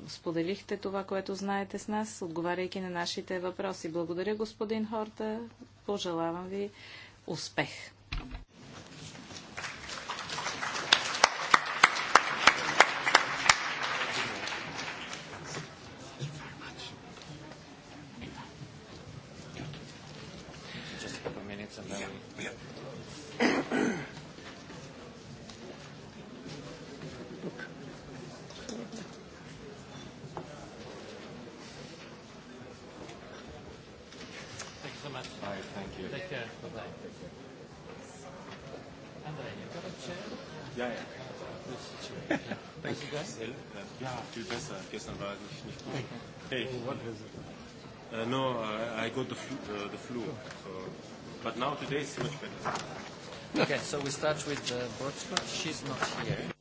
споделихте това, което знаете с нас, отговаряйки на нашите въпроси. Благодаря, господин Хорта. Пожелавам ви успех. okay. Uh, no, uh I got the flu, uh, the flu. So, but now today is much better. Okay, so we start with uh, Brodsma. She's not here.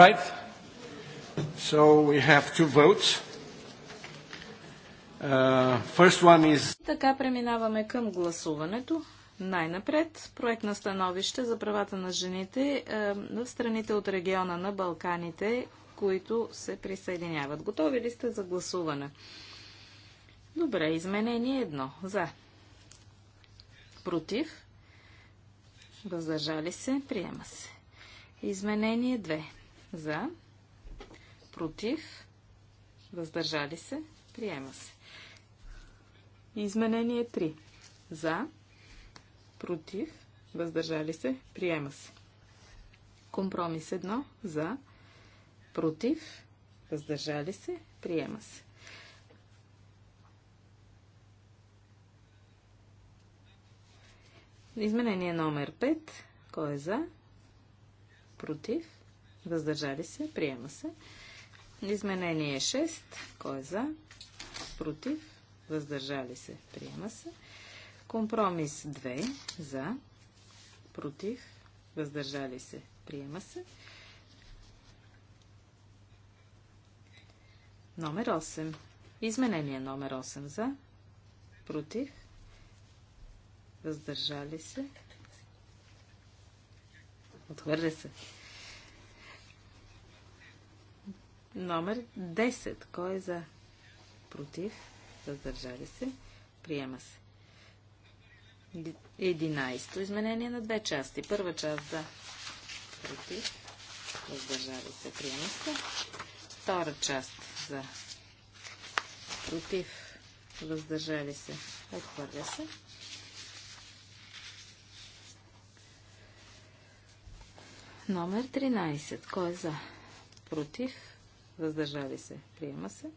right. So we have two votes. Uh, first one is... Така преминаваме към гласуването. Най-напред проект на становище за правата на жените е, в страните от региона на Балканите, които се присъединяват. Готови ли сте за гласуване? Добре, изменение едно. За. Против. Въздържали се. Приема се. Изменение 2. За. Против. Въздържали се. Приема се. Изменение 3. За. Против. Въздържали се. Приема се. Компромис 1. За. Против. Въздържали се. Приема се. Изменение номер 5. Кой е за? Против? Въздържали се. Приема се. Изменение 6. Кой е за? Против. Въздържали се. Приема се. Компромис 2. За. Против. Въздържали се. Приема се. Номер 8. Изменение номер 8 за. Против. Въздържали се. Отхвърля се. Номер 10. Кой е за? Против. Въздържали се. Приема се. 11. Изменение на две части. Първа част за. Против. Въздържали се. Приема се. Втора част за. Против. Въздържали се. Отхвърля се. Номер 13. Кой е за? Против? въздържали се, приема се.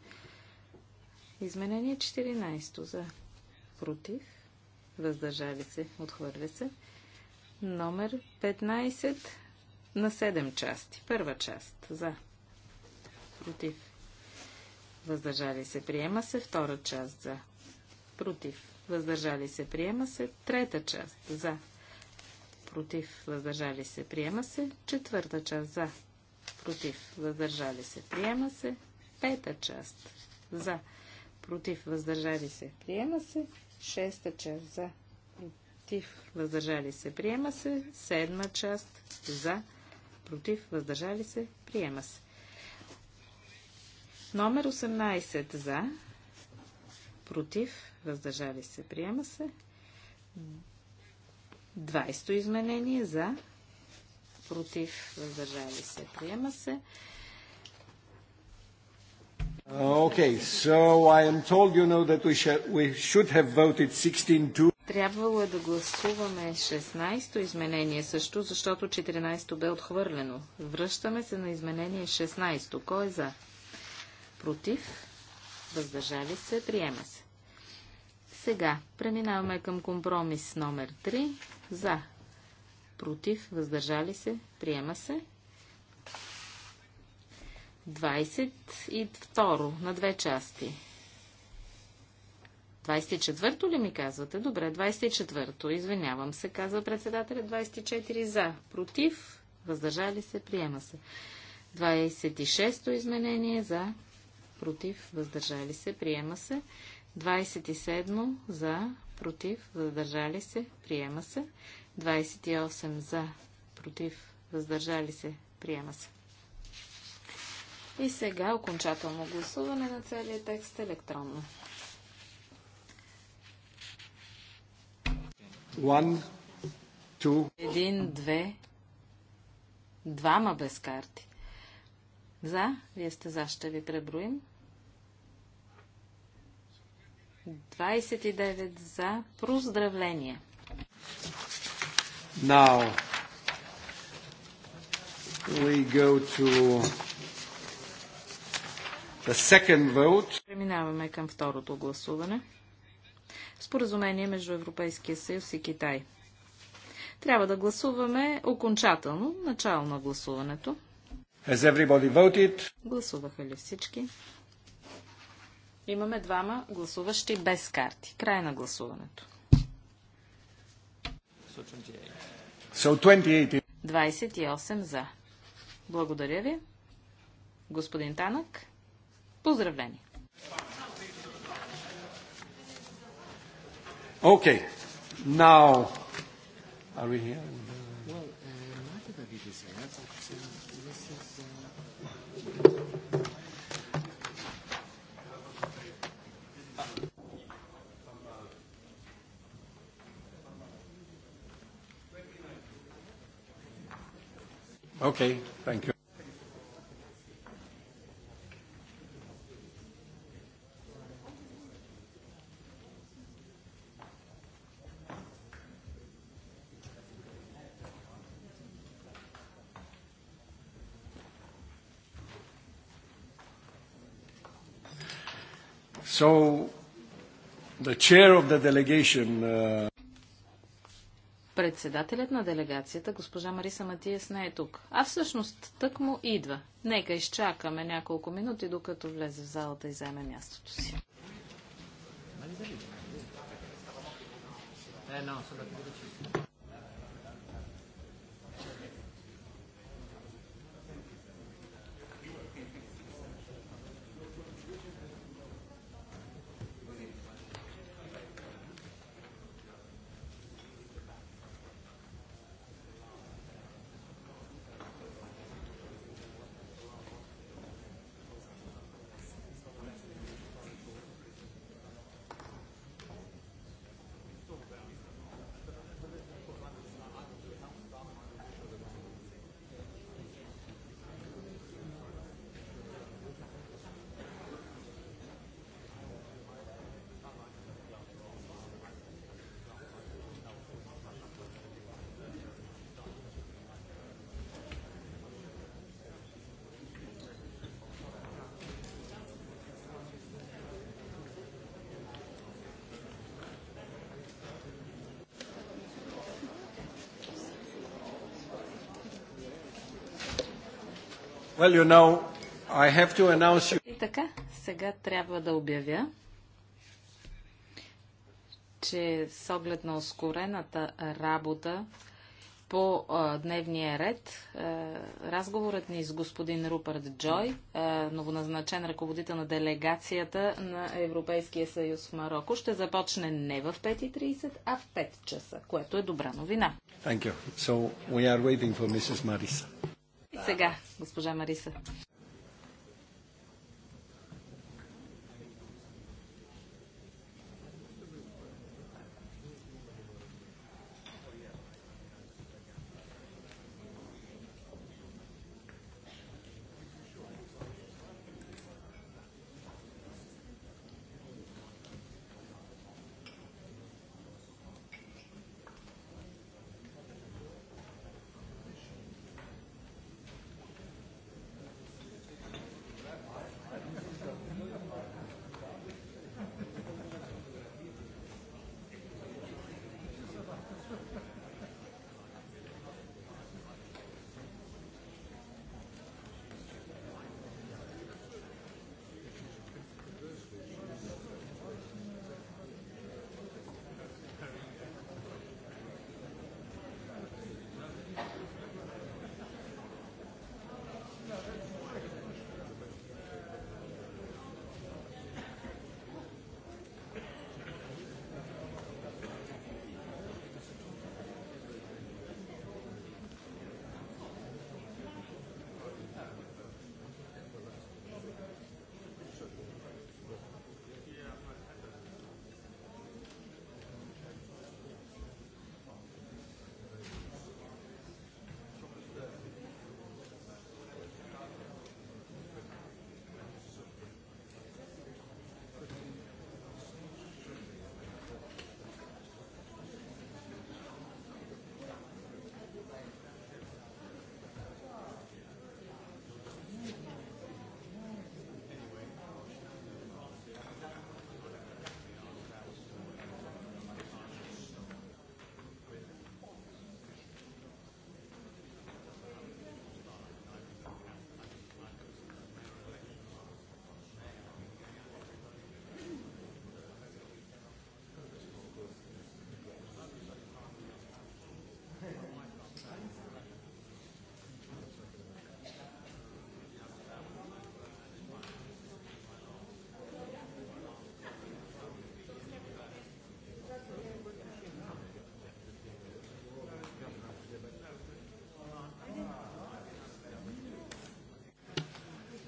Изменение 14 за против, въздържали се, отхвърля се. Номер 15 на 7 части. Първа част за против, въздържали се, приема се. Втора част за против, въздържали се, приема се. Трета част за против, въздържали се, приема се. Четвърта част за против, въздържали се, приема се. Пета част за, против, въздържали се, приема се. Шеста част за, против, въздържали се, приема се. Седма част за, против, въздържали се, приема се. Номер 18 за, против, въздържали се, приема се. 20 изменение за, против, въздържали се, приема се. Uh, okay, so I am told you know that we, we should have voted 16 2 Трябвало е да гласуваме 16-то изменение също, защото 14-то бе отхвърлено. Връщаме се на изменение 16-то. Кой е за? Против? Въздържали се? Приема се. Сега преминаваме към компромис номер 3. За против, въздържали се, приема се. 22 на две части. 24-то ли ми казвате? Добре, 24-то. Извинявам се, казва председателя. 24 за, против, въздържали се, приема се. 26-то изменение за, против, въздържали се, приема се. 27 за, против, въздържали се, приема се. 28 за, против, въздържали се, приема се. И сега окончателно гласуване на целия текст електронно. One, Един, две, двама без карти. За, вие сте за, ще ви преброим. 29 за. проздравление. Now, we go to the second vote. Преминаваме към второто гласуване. Споразумение между Европейския съюз и Китай. Трябва да гласуваме окончателно, начало на гласуването. Has everybody voted? Гласуваха ли всички? Имаме двама гласуващи без карти. Край на гласуването. 28 за. Благодаря ви. Господин Танък, поздравление. Okay. Now, are we here? Okay, thank you. So, the chair of the delegation. Uh... Председателят на делегацията, госпожа Мариса Матиес, не е тук. А всъщност тък му идва. Нека изчакаме няколко минути, докато влезе в залата и заеме мястото си. Eh е, no, Well, you know, I have to announce you... И така, сега трябва да обявя, че с оглед на ускорената работа по а, дневния ред, а, разговорът ни с господин Рупърт Джой, а, новоназначен ръководител на делегацията на Европейския съюз в Марокко, ще започне не в 5.30, а в 5 часа, което е добра новина. Thank you. So we are waiting for Mrs. Marisa. Сега, госпожа Мариса.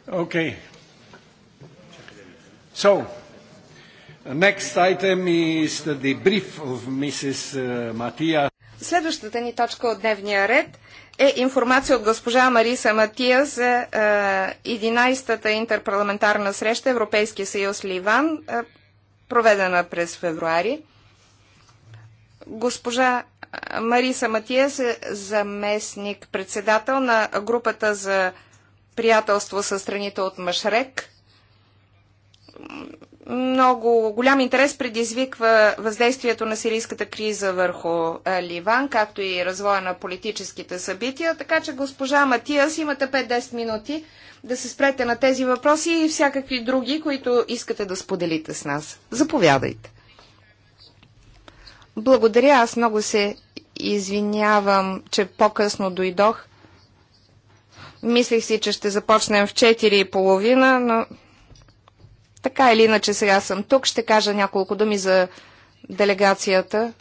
Okay. So, next item is the debrief of Mrs. Uh, Matia. Следващата ни точка от дневния ред е информация от госпожа Мариса Матия за 11-та е, интерпарламентарна среща Европейския съюз Ливан, е, проведена през февруари. Госпожа е, Мариса Матия е заместник председател на групата за приятелство с страните от Машрек. Много голям интерес предизвиква въздействието на сирийската криза върху Ливан, както и развоя на политическите събития. Така че, госпожа Матиас, имате 5-10 минути да се спрете на тези въпроси и всякакви други, които искате да споделите с нас. Заповядайте. Благодаря. Аз много се извинявам, че по-късно дойдох. Мислих си, че ще започнем в 4.30, но така или иначе сега съм тук. Ще кажа няколко думи за делегацията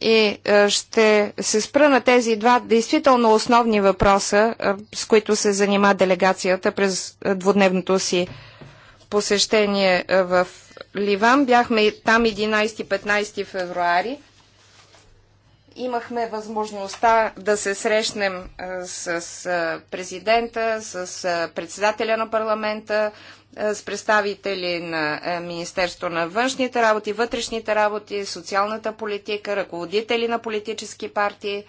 и е, ще се спра на тези два действително основни въпроса, е, с които се занима делегацията през е, двудневното си посещение в Ливан. Бяхме там 11-15 февруари. Имахме възможността да се срещнем с президента, с председателя на парламента, с представители на Министерство на външните работи, вътрешните работи, социалната политика, ръководители на политически партии,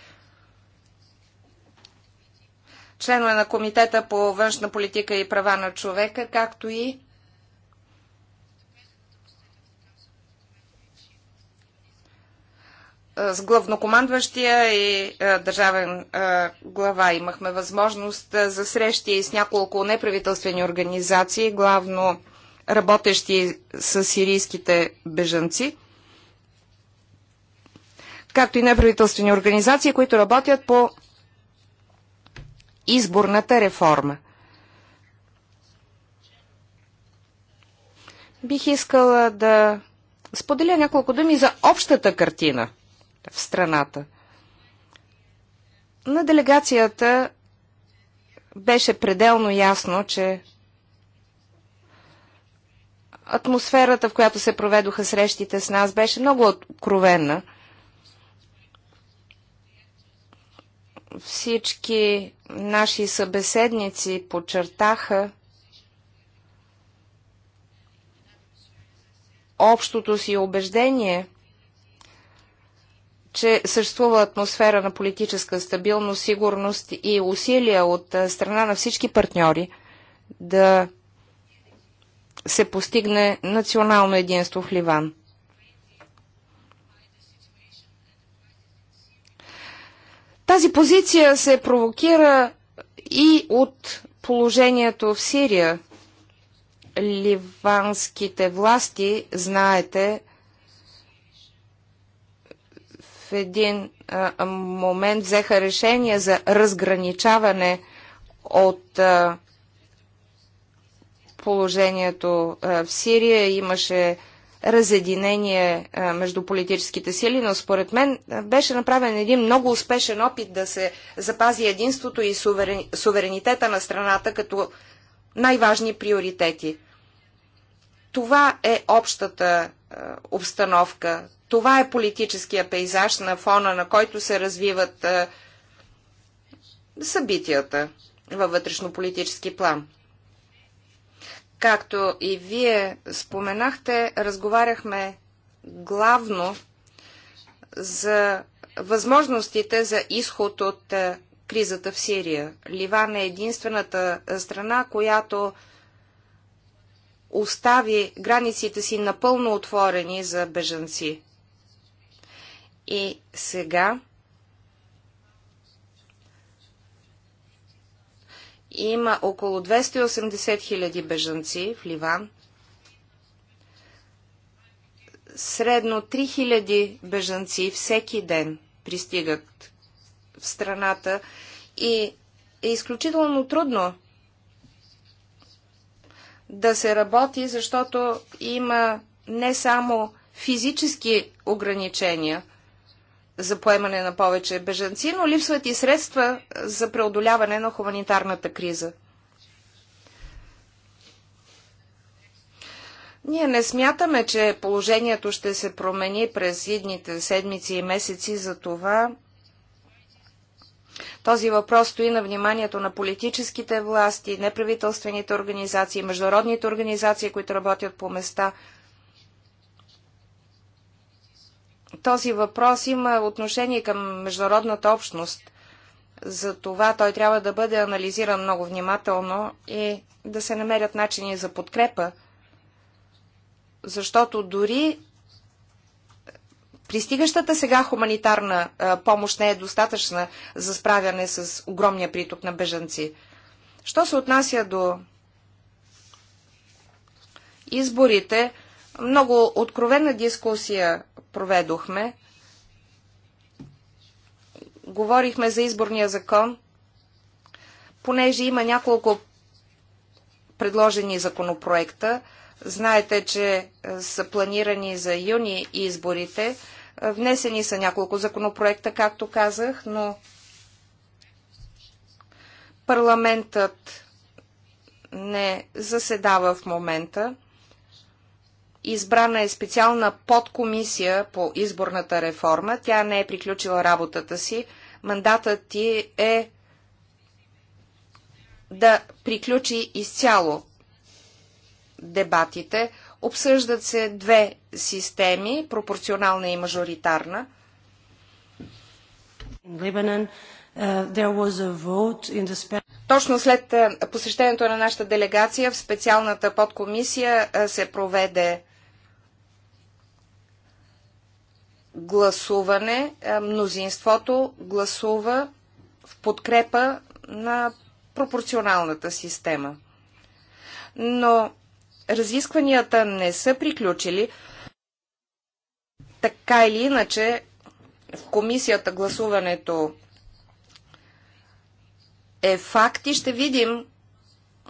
членове на Комитета по външна политика и права на човека, както и с главнокомандващия и държавен глава. Имахме възможност за срещи и с няколко неправителствени организации, главно работещи с сирийските бежанци, както и неправителствени организации, които работят по изборната реформа. Бих искала да споделя няколко думи за общата картина – в страната. На делегацията беше пределно ясно, че атмосферата, в която се проведоха срещите с нас, беше много откровена. Всички наши събеседници подчертаха общото си убеждение – че съществува атмосфера на политическа стабилност, сигурност и усилия от страна на всички партньори да се постигне национално единство в Ливан. Тази позиция се провокира и от положението в Сирия. Ливанските власти, знаете, един а, момент взеха решение за разграничаване от а, положението а, в Сирия. Имаше разединение а, между политическите сили, но според мен беше направен един много успешен опит да се запази единството и суверен... суверенитета на страната като най-важни приоритети. Това е общата е, обстановка. Това е политическия пейзаж, на фона на който се развиват е, събитията във вътрешно-политически план. Както и вие споменахте, разговаряхме главно за възможностите за изход от е, кризата в Сирия. Ливан е единствената страна, която остави границите си напълно отворени за бежанци. И сега има около 280 хиляди бежанци в Ливан. Средно 3000 бежанци всеки ден пристигат в страната и е изключително трудно да се работи, защото има не само физически ограничения за поемане на повече бежанци, но липсват и средства за преодоляване на хуманитарната криза. Ние не смятаме, че положението ще се промени през едните седмици и месеци, за това този въпрос стои на вниманието на политическите власти, неправителствените организации, международните организации, които работят по места. Този въпрос има отношение към международната общност. За това той трябва да бъде анализиран много внимателно и да се намерят начини за подкрепа, защото дори Пристигащата сега хуманитарна помощ не е достатъчна за справяне с огромния приток на бежанци. Що се отнася до изборите, много откровена дискусия проведохме. Говорихме за изборния закон, понеже има няколко предложени законопроекта. Знаете, че са планирани за юни изборите. Внесени са няколко законопроекта, както казах, но парламентът не заседава в момента. Избрана е специална подкомисия по изборната реформа. Тя не е приключила работата си. Мандатът ти е да приключи изцяло дебатите. Обсъждат се две системи, пропорционална и мажоритарна. Точно след посещението на нашата делегация в специалната подкомисия се проведе гласуване. Мнозинството гласува в подкрепа на пропорционалната система. Но Разискванията не са приключили. Така или иначе, в комисията гласуването е факт и ще видим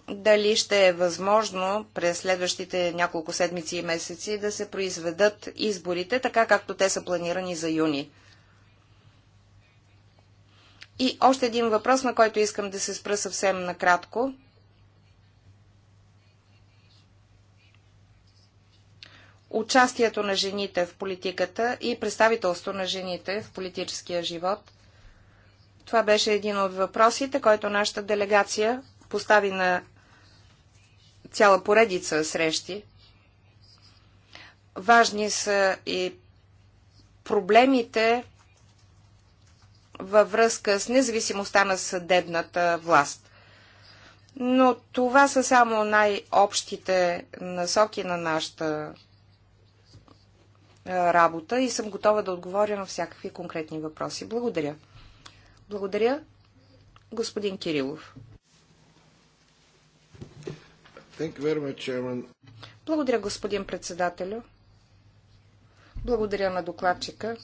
дали ще е възможно през следващите няколко седмици и месеци да се произведат изборите, така както те са планирани за юни. И още един въпрос, на който искам да се спра съвсем накратко – участието на жените в политиката и представителство на жените в политическия живот. Това беше един от въпросите, който нашата делегация постави на цяла поредица срещи. Важни са и проблемите във връзка с независимостта на съдебната власт. Но това са само най-общите насоки на нашата е, работа и съм готова да отговоря на всякакви конкретни въпроси. Благодаря. Благодаря, господин Кирилов. Much, Благодаря, господин председателю. Благодаря на докладчика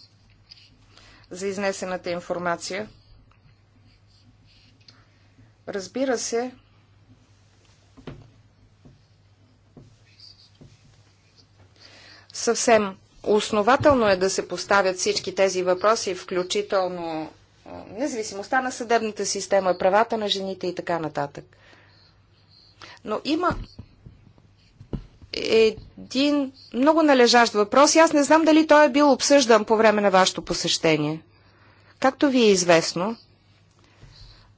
за изнесената информация. Разбира се, съвсем Основателно е да се поставят всички тези въпроси, включително независимостта на съдебната система, правата на жените и така нататък. Но има един много належащ въпрос и аз не знам дали той е бил обсъждан по време на вашето посещение. Както ви е известно,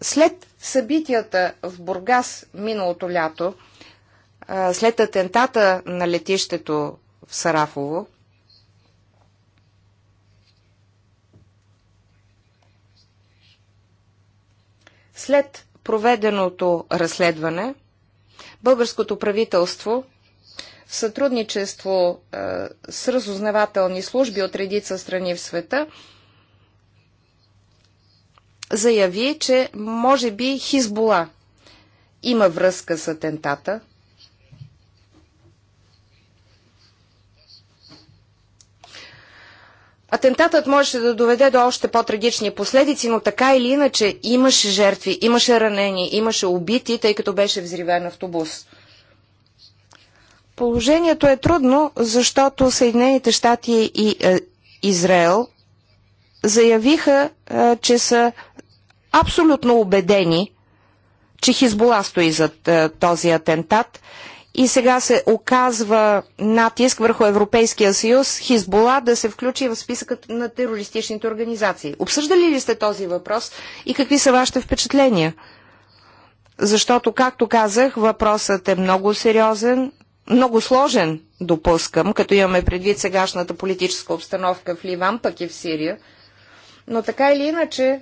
след събитията в Бургас миналото лято, след атентата на летището в Сарафово, След проведеното разследване, българското правителство в сътрудничество е, с разузнавателни служби от редица страни в света заяви, че може би Хизбола има връзка с атентата – Атентатът можеше да доведе до още по-трагични последици, но така или иначе имаше жертви, имаше ранени, имаше убити, тъй като беше взривен автобус. Положението е трудно, защото Съединените щати и е, Израел заявиха, е, че са абсолютно убедени, че Хизбола стои зад е, този атентат и сега се оказва натиск върху Европейския съюз Хизбола да се включи в списъкът на терористичните организации. Обсъждали ли сте този въпрос и какви са вашите впечатления? Защото, както казах, въпросът е много сериозен, много сложен, допускам, като имаме предвид сегашната политическа обстановка в Ливан, пък и в Сирия. Но така или иначе,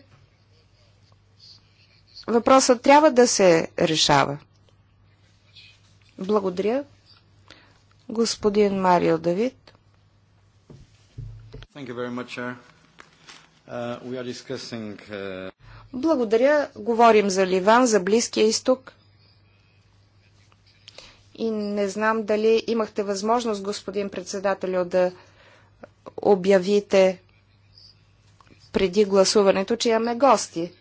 въпросът трябва да се решава. Благодаря. Господин Марио Давид. Uh, uh, Благодаря. Говорим за Ливан, за Близкия изток. И не знам дали имахте възможност, господин председателю, да обявите преди гласуването, че имаме гости.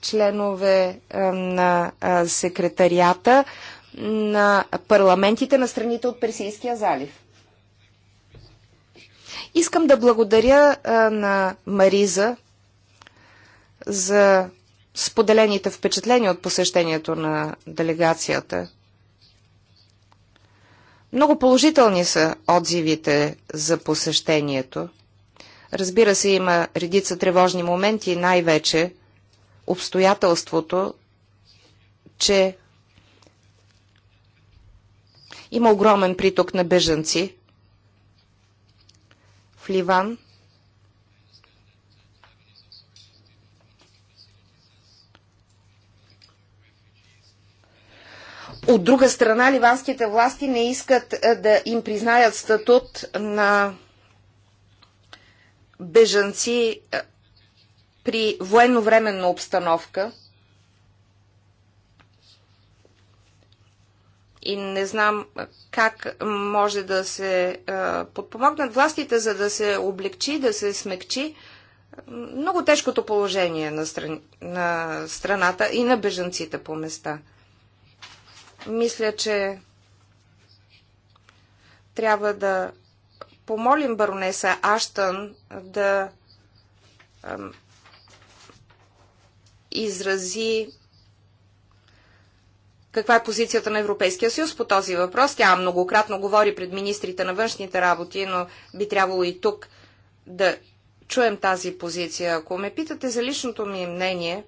Членове на секретарията на парламентите на страните от Персийския залив. Искам да благодаря на Мариза за споделените впечатления от посещението на делегацията. Много положителни са отзивите за посещението. Разбира се, има редица тревожни моменти, най-вече обстоятелството, че има огромен приток на бежанци в Ливан. От друга страна, ливанските власти не искат е, да им признаят статут на бежанци е, при военновременна обстановка – и не знам как може да се подпомогнат властите, за да се облегчи, да се смекчи много тежкото положение на, стран... на страната и на бежанците по места. Мисля, че трябва да помолим баронеса Аштън да изрази каква е позицията на Европейския съюз по този въпрос. Тя многократно говори пред министрите на външните работи, но би трябвало и тук да чуем тази позиция. Ако ме питате за личното ми мнение,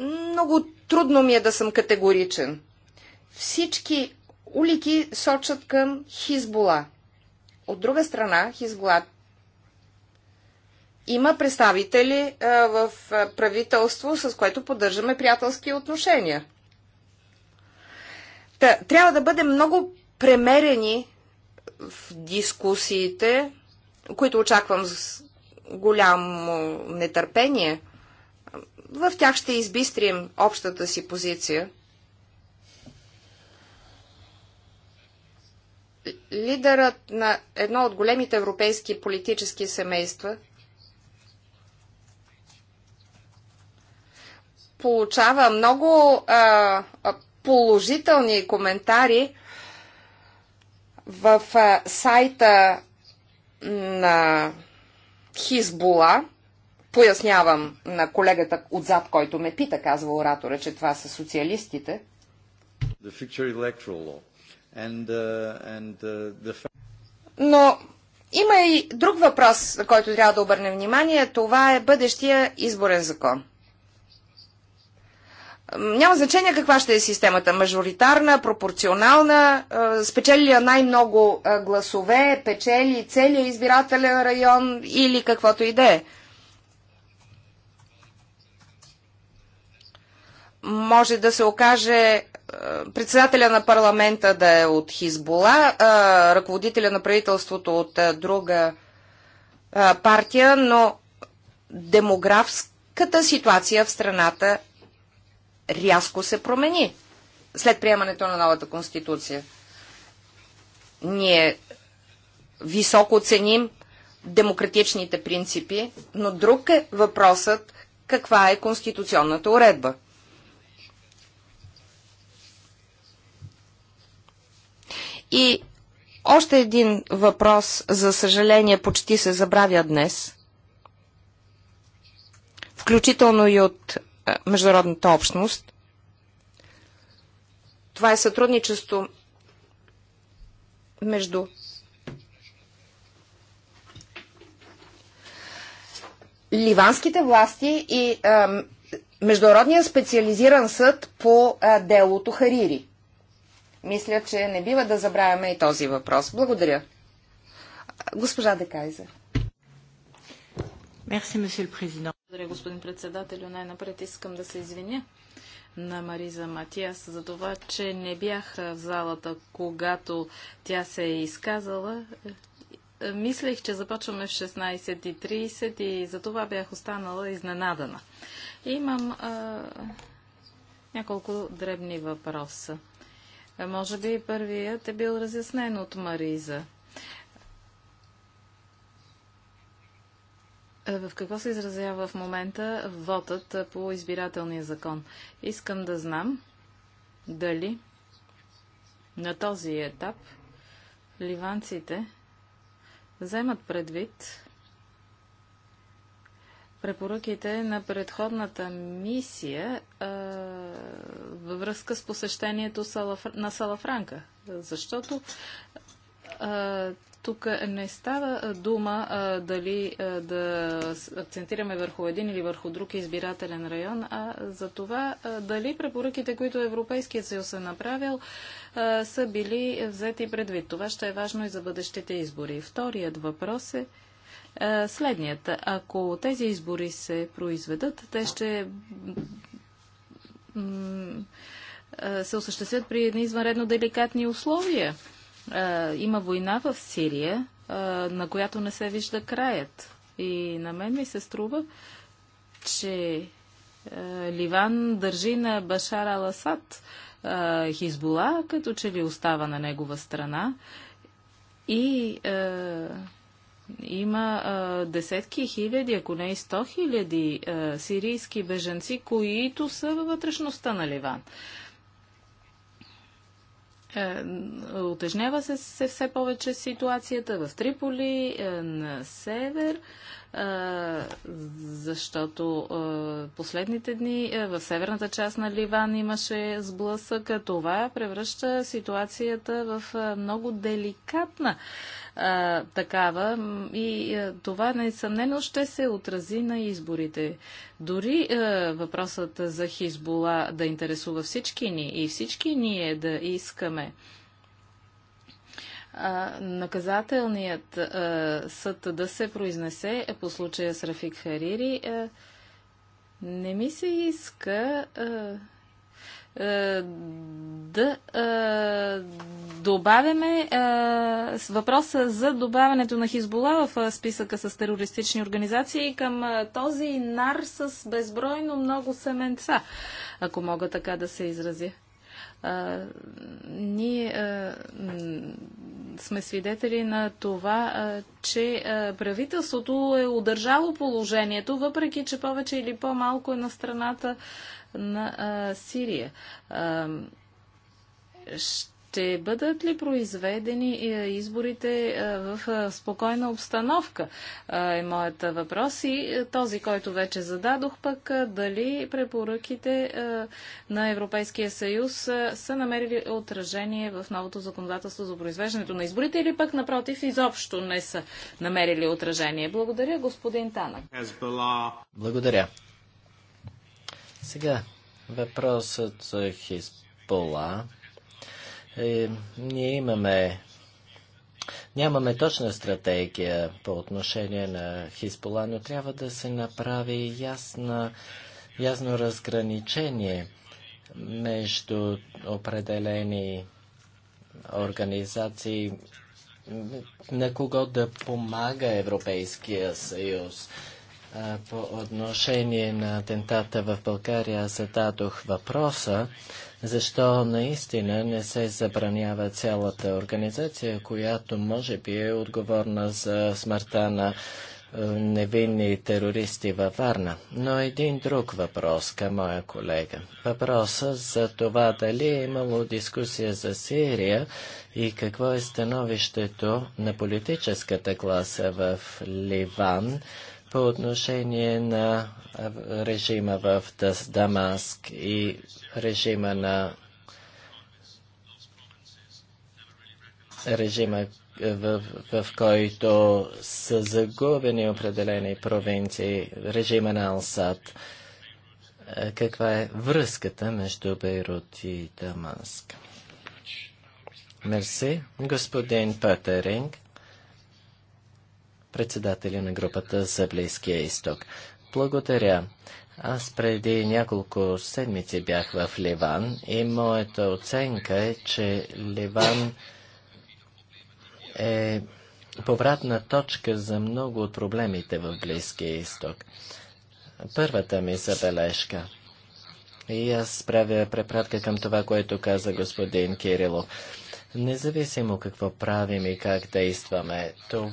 много трудно ми е да съм категоричен. Всички улики сочат към Хизбола. От друга страна, Хизбола има представители в правителство, с което поддържаме приятелски отношения. Та, трябва да бъдем много премерени в дискусиите, които очаквам с голямо нетърпение. В тях ще избистрим общата си позиция. Лидерът на едно от големите европейски политически семейства – получава много а, положителни коментари в а, сайта на Хизбула. Пояснявам на колегата отзад, който ме пита, казва оратора, че това са социалистите. And, uh, and, uh, the... Но има и друг въпрос, на който трябва да обърнем внимание. Това е бъдещия изборен закон. Няма значение каква ще е системата. Мажоритарна, пропорционална, спечелия най-много гласове, печели целият избирателен район или каквото и да е. Може да се окаже председателя на парламента да е от Хизбола, ръководителя на правителството от друга партия, но демографската ситуация в страната рязко се промени след приемането на новата конституция. Ние високо ценим демократичните принципи, но друг е въпросът каква е конституционната уредба. И още един въпрос, за съжаление, почти се забравя днес, включително и от е, международната общност. Това е сътрудничество между ливанските власти и а, е, Международния специализиран съд по а, е, делото Харири. Мисля, че не бива да забравяме и този въпрос. Благодаря. Госпожа Декайзер. Мерси, месье президент. Благодаря, господин председател, Най-напред искам да се извиня на Мариза Матиас за това, че не бях в залата, когато тя се е изказала. Е, мислех, че започваме в 16.30 и за това бях останала изненадана. Имам а, няколко дребни въпроса. Може би първият е бил разяснен от Мариза. Е, в какво се изразява в момента вотът е, по избирателния закон? Искам да знам дали на този етап ливанците вземат предвид препоръките на предходната мисия а, е, във връзка с посещението на Салафранка. Защото а, тук не става дума дали да акцентираме върху един или върху друг избирателен район, а за това дали препоръките, които Европейският съюз е направил, са били взети предвид. Това ще е важно и за бъдещите избори. Вторият въпрос е следният. Ако тези избори се произведат, те ще се осъществят при едни извънредно деликатни условия а, е, има война в Сирия, а, е, на която не се вижда краят. И на мен ми се струва, че а, е, Ливан държи на Башар Аласад Хизбула, като че ли остава на негова страна. И има а, десетки хиляди, ако не и сто хиляди а, сирийски беженци, които са във вътрешността на Ливан. Отежнява е, се, се все повече ситуацията в Триполи, е, на север, е, защото последните дни в северната част на Ливан имаше сблъсък. Това превръща ситуацията в много деликатна а, такава и а, това несъмнено ще се отрази на изборите. Дори а, въпросът за Хизбола да интересува всички ни и всички ние да искаме наказателният съд да се произнесе е по случая с Рафик Харири, не ми се иска е, да е, добавяме е, въпроса за добавянето на Хизбола в списъка с терористични организации към този нар с безбройно много семенца, ако мога така да се изразя. ние сме свидетели на това, че правителството е удържало положението, въпреки че повече или по-малко е на страната на а, Сирия. А, ще бъдат ли произведени изборите в спокойна обстановка? Е моят въпрос и този, който вече зададох пък, дали препоръките на Европейския съюз са намерили отражение в новото законодателство за произвеждането на изборите или пък напротив изобщо не са намерили отражение? Благодаря, господин Танък. Благодаря. Сега, въпросът за Хизбола. Е, ние имаме Нямаме точна стратегия по отношение на Хизбола, но трябва да се направи ясна, ясно разграничение между определени организации, на кого да помага Европейския съюз. По отношение на атентата в България зададох въпроса, защо наистина не се забранява цялата организация, която може би е отговорна за смъртта на е, невинни терористи във Варна. Но един друг въпрос към моя колега. Въпроса за това дали е имало дискусия за Сирия и какво е становището на политическата класа в Ливан по отношение на режима в Дамаск и режима на режима, в, в, в който са загубени определени провинции, режима на Алсад. Е, каква е връзката между Бейрут и Дамаск? Мерси, господин Патеринг председателя на групата за Близкия изток. Благодаря. Аз преди няколко седмици бях в Ливан и моята оценка е, че Ливан е повратна точка за много от проблемите в Близкия изток. Първата ми забележка. И аз правя препратка към това, което каза господин Кирилов. Независимо какво правим и как действаме, то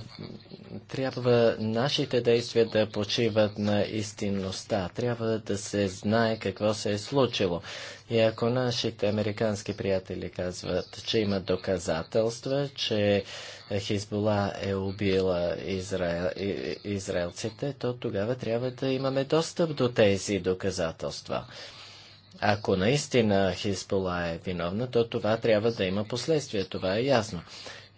трябва нашите действия да почиват на истинността. Трябва да се знае какво се е случило. И ако нашите американски приятели казват, че имат доказателства, че Хизбула е убила израел, израелците, то тогава трябва да имаме достъп до тези доказателства. Ако наистина Хизбола е виновна, то това трябва да има последствия. Това е ясно.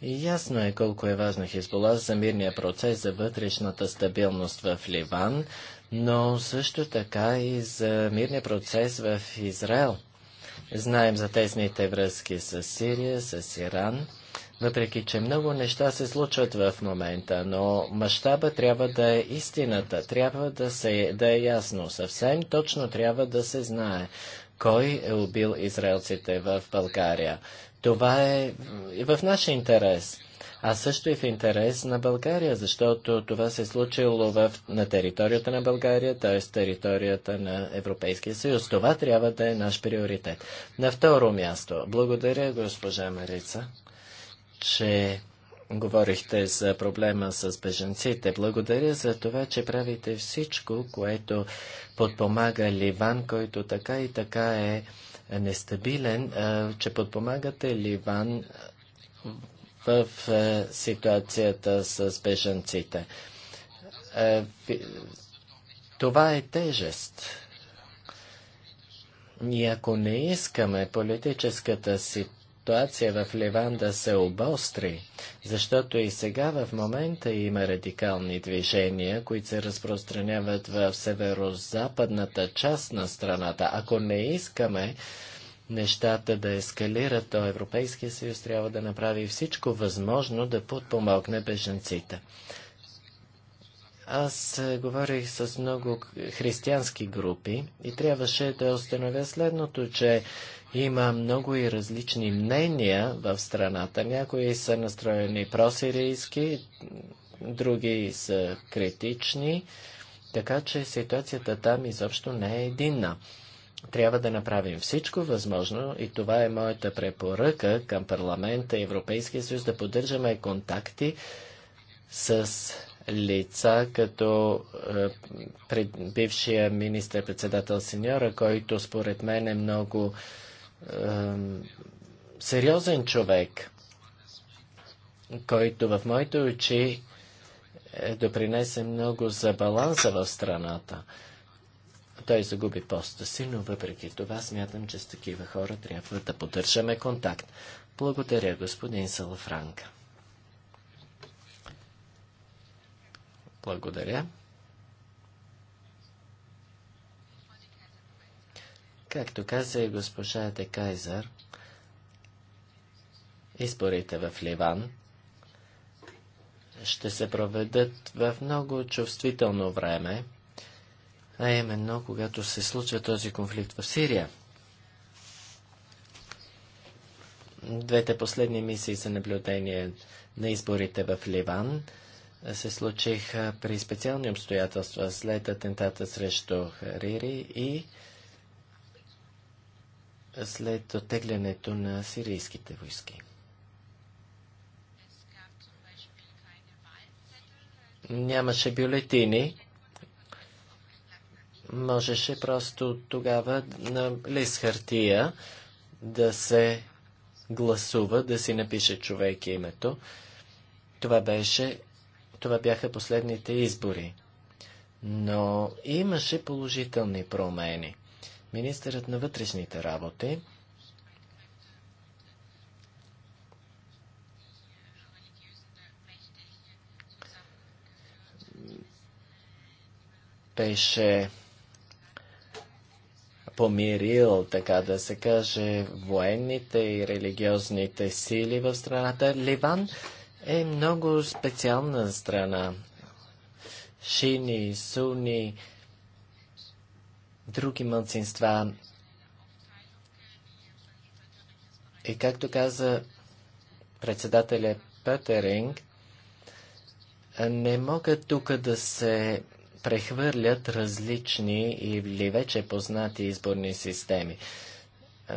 И ясно е колко е важна Хизбола за мирния процес, за вътрешната стабилност в Ливан, но също така и за мирния процес в Израел. Знаем за тесните връзки с Сирия, с Иран. Въпреки, че много неща се случват в момента, но мащаба трябва да е истината, трябва да, се, да е ясно, съвсем точно трябва да се знае кой е убил израелците в България. Това е в наш интерес, а също и в интерес на България, защото това се е случило в, на територията на България, т.е. територията на Европейския съюз. Това трябва да е наш приоритет. На второ място, благодаря госпожа Марица че говорихте за проблема с беженците. Благодаря за това, че правите всичко, което подпомага Ливан, който така и така е нестабилен, че подпомагате Ливан в ситуацията с беженците. Това е тежест. И ако не искаме политическата ситуация, ситуация в Ливан да се обостри, защото и сега в момента има радикални движения, които се разпространяват в северо-западната част на страната. Ако не искаме нещата да ескалират, то Европейския съюз трябва да направи всичко възможно да подпомогне беженците. Аз е, говорих с много християнски групи и трябваше да установя следното, че има много и различни мнения в страната. Някои са настроени просирийски, други са критични, така че ситуацията там изобщо не е единна. Трябва да направим всичко възможно и това е моята препоръка към парламента и Европейския съюз да поддържаме контакти с лица, като е, пред, бившия министър-председател Сеньора, който според мен е много сериозен човек, който в моите очи е допринесе много за баланса в страната. Той загуби поста си, но въпреки това смятам, че с такива хора трябва да поддържаме контакт. Благодаря, господин Салафранка. Благодаря. Както каза и госпожа Декайзър, изборите в Ливан ще се проведат в много чувствително време, а именно когато се случва този конфликт в Сирия. Двете последни мисии за наблюдение на изборите в Ливан се случиха при специални обстоятелства след атентата срещу Харири и след оттеглянето на сирийските войски. Нямаше бюлетини. Можеше просто тогава на лист хартия да се гласува, да си напише човек името. Това беше, това бяха последните избори. Но имаше положителни промени. Министърът на вътрешните работи беше помирил, така да се каже, военните и религиозните сили в страната. Ливан е много специална страна. Шини, суни, други мълцинства. И както каза председателя Петеринг, не могат тук да се прехвърлят различни или вече познати изборни системи.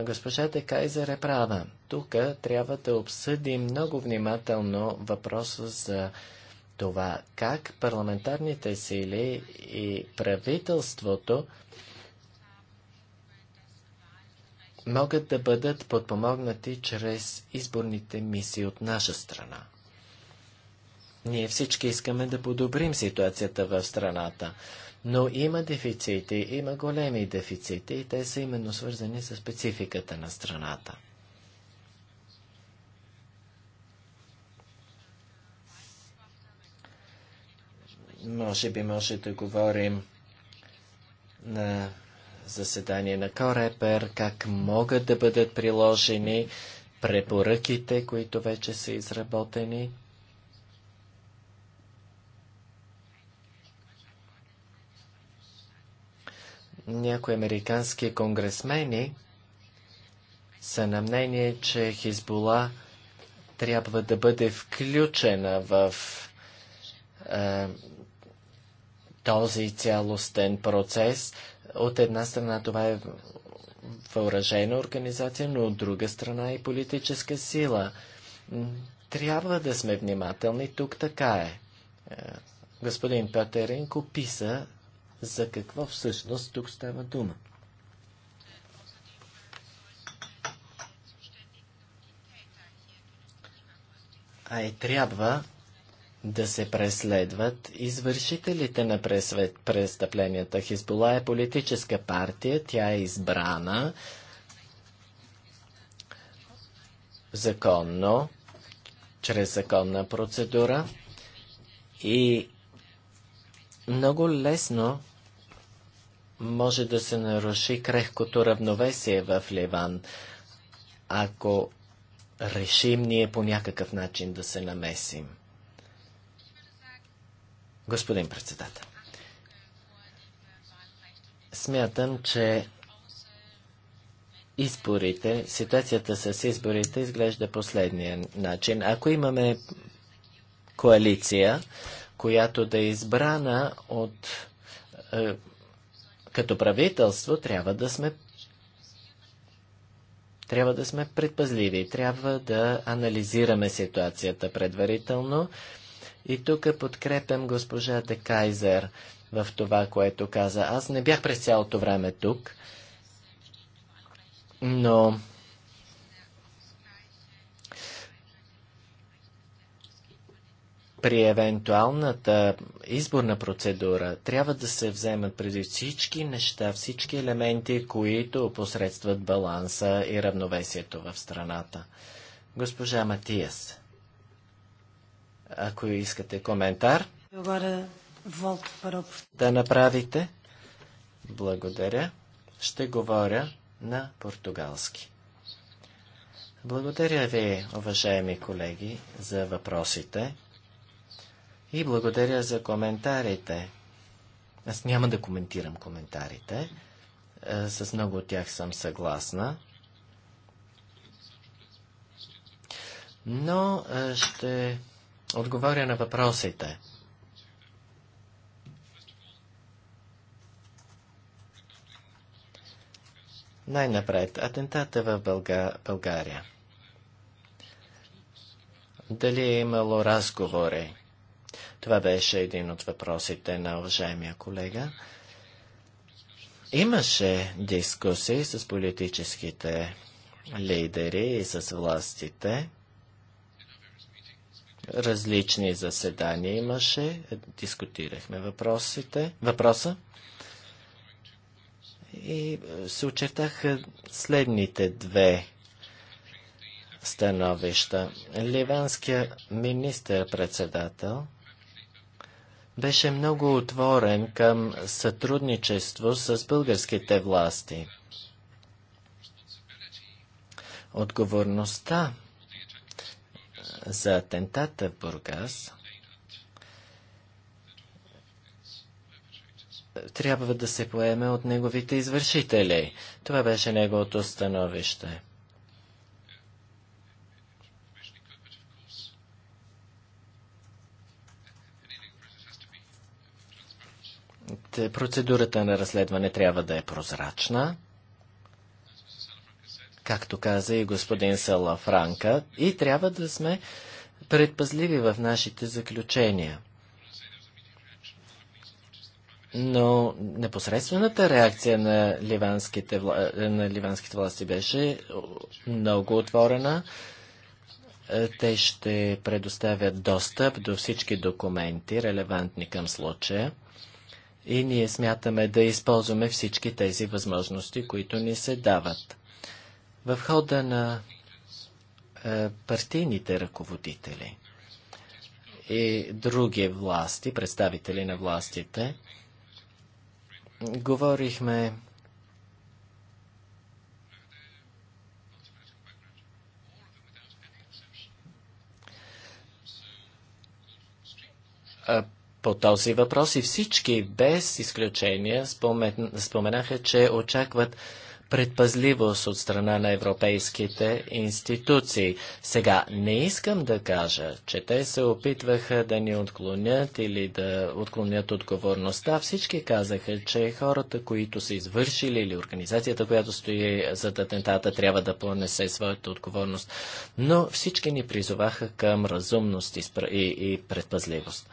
Госпожа Декайзер е права. Тук трябва да обсъдим много внимателно въпроса за това как парламентарните сили и правителството могат да бъдат подпомогнати чрез изборните мисии от наша страна. Ние всички искаме да подобрим ситуацията в страната, но има дефицити, има големи дефицити и те са именно свързани с спецификата на страната. Може би може да говорим на заседание на Корепер, как могат да бъдат приложени препоръките, които вече са изработени. Някои американски конгресмени са на мнение, че Хизбула трябва да бъде включена в е, този цялостен процес, от една страна това е въоръжена организация, но от друга страна и политическа сила. Трябва да сме внимателни, тук така е. е. Господин Петеренко писа за какво всъщност тук става дума. А и трябва да се преследват извършителите на престъпленията. Хизбола е политическа партия, тя е избрана законно, чрез законна процедура и много лесно може да се наруши крехкото равновесие в Ливан, ако решим ние по някакъв начин да се намесим. Господин председател, смятам, че изборите, ситуацията с изборите изглежда последния начин. Ако имаме коалиция, която да е избрана от, е, като правителство, трябва да сме трябва да сме предпазливи, трябва да анализираме ситуацията предварително и тук подкрепям госпожа Кайзер в това, което каза. Аз не бях през цялото време тук, но при евентуалната изборна процедура трябва да се вземат преди всички неща, всички елементи, които посредстват баланса и равновесието в страната. Госпожа Матиас ако искате коментар да направите. Благодаря. Ще говоря на португалски. Благодаря ви, уважаеми колеги, за въпросите и благодаря за коментарите. Аз няма да коментирам коментарите. Е, с много от тях съм съгласна. Но е, ще отговоря на въпросите. Най-напред, атентата в Бълга... България. Дали е имало разговори? Това беше един от въпросите на уважаемия колега. Имаше дискусии с политическите лидери и с властите. Различни заседания имаше, дискутирахме въпросите, въпроса и е, се очертаха следните две становища. Ливанския министър-председател беше много отворен към сътрудничество с българските власти. Отговорността за атентата в Бургас, трябва да се поеме от неговите извършители. Това беше неговото становище. Процедурата на разследване трябва да е прозрачна както каза и господин Салафранка, и трябва да сме предпазливи в нашите заключения. Но непосредствената реакция на ливанските, вла... на ливанските власти беше много отворена. Те ще предоставят достъп до всички документи, релевантни към случая. И ние смятаме да използваме всички тези възможности, които ни се дават в хода на е, партийните ръководители и други власти, представители на властите, говорихме е, по този въпрос и всички без изключение споменаха, че очакват предпазливост от страна на европейските институции. Сега не искам да кажа, че те се опитваха да ни отклонят или да отклонят отговорността. Всички казаха, че хората, които са извършили или организацията, която стои зад атентата, трябва да понесе своята отговорност. Но всички ни призоваха към разумност и, и предпазливост.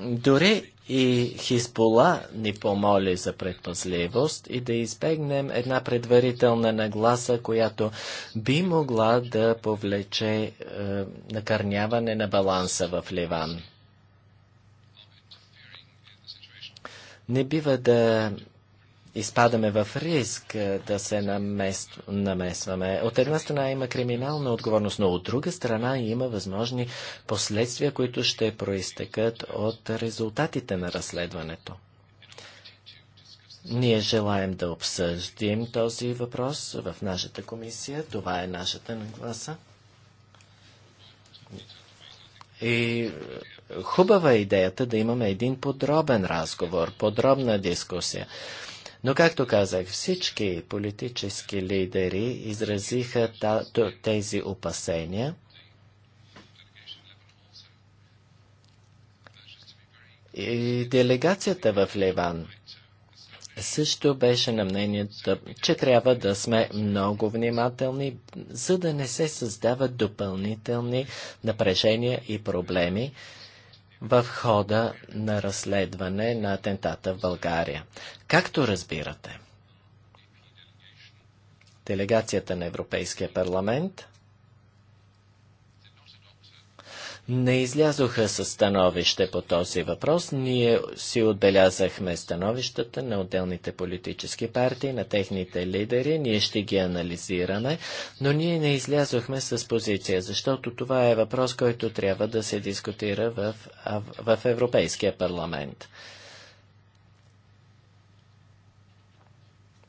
Дори и Хизбола ни помоли за предпазливост и да избегнем една предварителна нагласа, която би могла да повлече е, накърняване на баланса в Ливан. Не бива да изпадаме в риск е, да се намесваме. От една страна има криминална отговорност, но от друга страна има възможни последствия, които ще проистекат от резултатите на разследването. Ние желаем да обсъждим този въпрос в нашата комисия. Това е нашата нагласа. И е, хубава е идеята да имаме един подробен разговор, подробна дискусия. Но, както казах, всички политически лидери изразиха тези опасения. И делегацията в Ливан също беше на мнението, че трябва да сме много внимателни, за да не се създават допълнителни напрежения и проблеми в хода на разследване на атентата в България. Както разбирате, делегацията на Европейския парламент не излязоха с становище по този въпрос. Ние си отбелязахме становищата на отделните политически партии, на техните лидери. Ние ще ги анализираме, но ние не излязохме с позиция, защото това е въпрос, който трябва да се дискутира в, в Европейския парламент.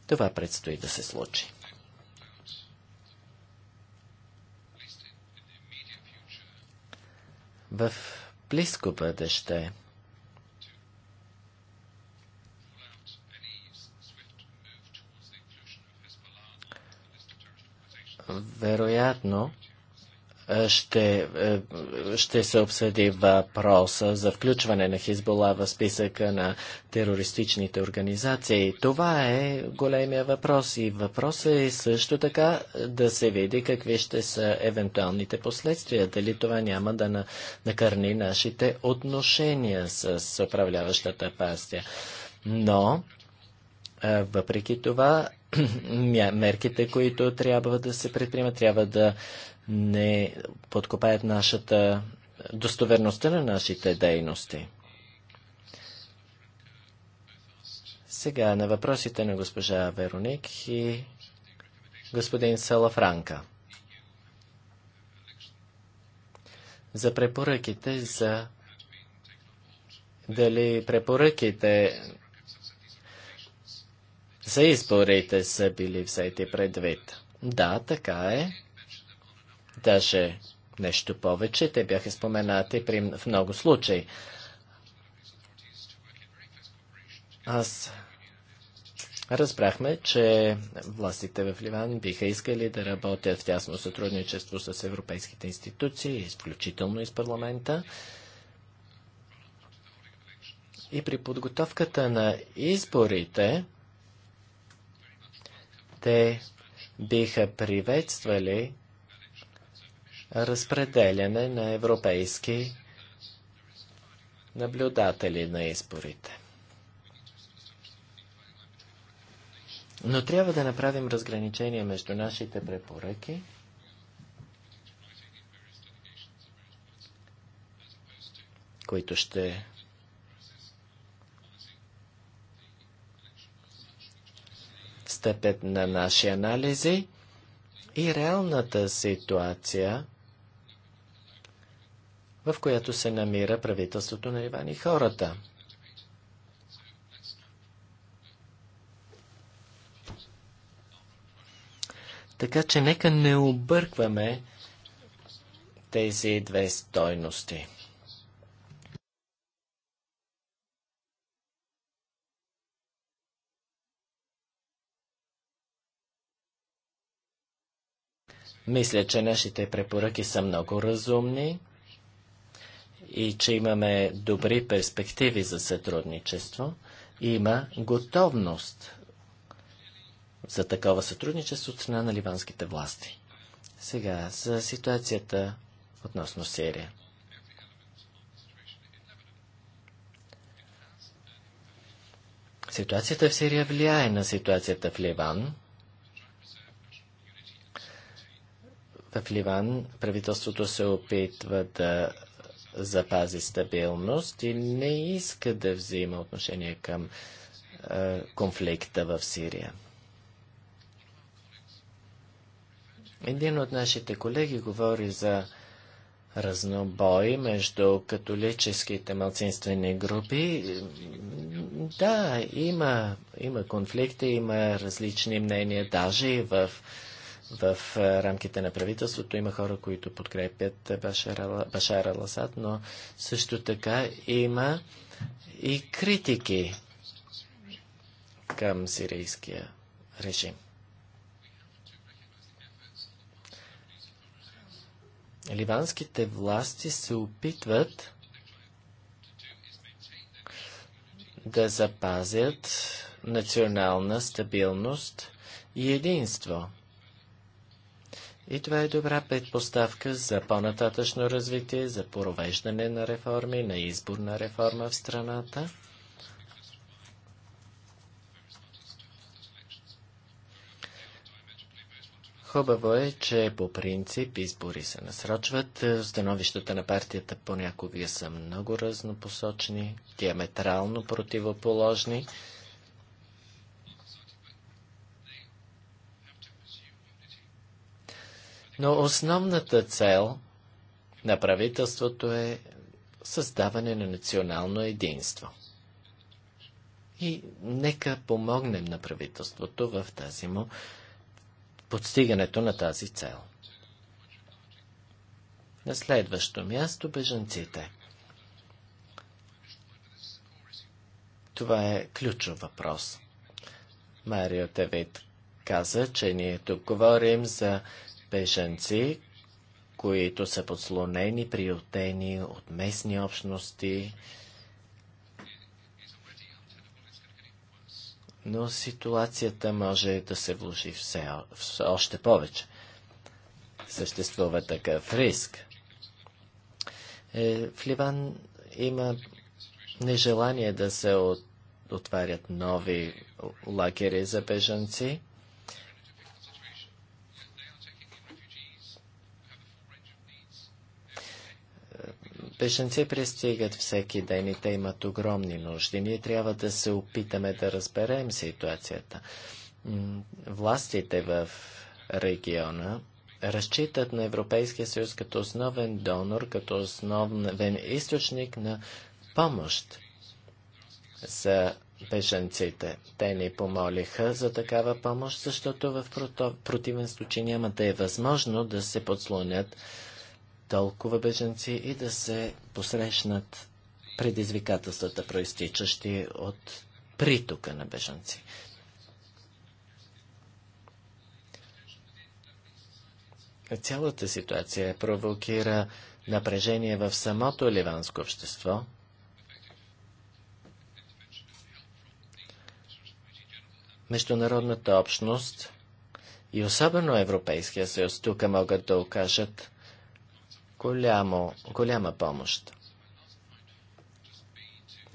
Това предстои да се случи. в близко бъдеще. Вероятно, е, ще, е, ще се обсъди въпроса за включване на Хизбола в списъка на терористичните организации. Това е големия въпрос и въпросът е също така да се види какви ще са евентуалните последствия. Дали това няма да накърни нашите отношения с управляващата пастия. Но, е, въпреки това, мерките, които трябва да се предприемат, трябва да не подкопаят нашата е, достоверността на нашите дейности. Сега на въпросите на госпожа Вероник и господин Салафранка. За препоръките за дали препоръките за изборите са били взети предвид. Да, така е. Даже нещо повече, те бяха споменати при, в много случаи. Аз разбрахме, че властите в Ливан биха искали да работят в тясно сътрудничество с европейските институции, изключително и с парламента. И при подготовката на изборите, те биха приветствали разпределяне на европейски наблюдатели на изборите. Но трябва да направим разграничение между нашите препоръки които ще стъпят на наши анализи и реалната ситуация в която се намира правителството на Ливан и хората. Така че нека не объркваме тези две стойности. Мисля, че нашите препоръки са много разумни и че имаме добри перспективи за сътрудничество. Има готовност за такова сътрудничество от страна на ливанските власти. Сега за ситуацията относно Сирия. Ситуацията в Сирия влияе на ситуацията в Ливан. В Ливан правителството се опитва да запази стабилност и не иска да взима отношение към конфликта в Сирия. Един от нашите колеги говори за разнобой между католическите малцинствени групи. Да, има, има конфликти, има различни мнения, даже и в в рамките на правителството има хора, които подкрепят Башар Ласад, но също така има и критики към сирийския режим. Ливанските власти се опитват да запазят национална стабилност и единство – и това е добра предпоставка за по-нататъчно развитие, за провеждане на реформи, на изборна реформа в страната. Хубаво е, че по принцип избори се насрочват. Становищата на партията понякога са много разнопосочни, диаметрално противоположни. Но основната цел на правителството е създаване на национално единство. И нека помогнем на правителството в тази му подстигането на тази цел. На следващо място бежанците. Това е ключов въпрос. Марио Тевит каза, че ние тук говорим за беженци, които са подслонени, приютени от местни общности. Но ситуацията може да се вложи все, още повече. Съществува такъв риск. Е, в Ливан има нежелание да се отварят нови лагери за бежанци. Бешенци пристигат всеки ден и те имат огромни нужди. Ние трябва да се опитаме да разберем ситуацията. Властите в региона разчитат на Европейския съюз като основен донор, като основен източник на помощ за бежанците. Те ни помолиха за такава помощ, защото в противен случай няма да е възможно да се подслонят толкова беженци и да се посрещнат предизвикателствата, проистичащи от притока на беженци. Цялата ситуация провокира напрежение в самото ливанско общество. Международната общност и особено Европейския съюз тук могат да окажат голямо, голяма помощ.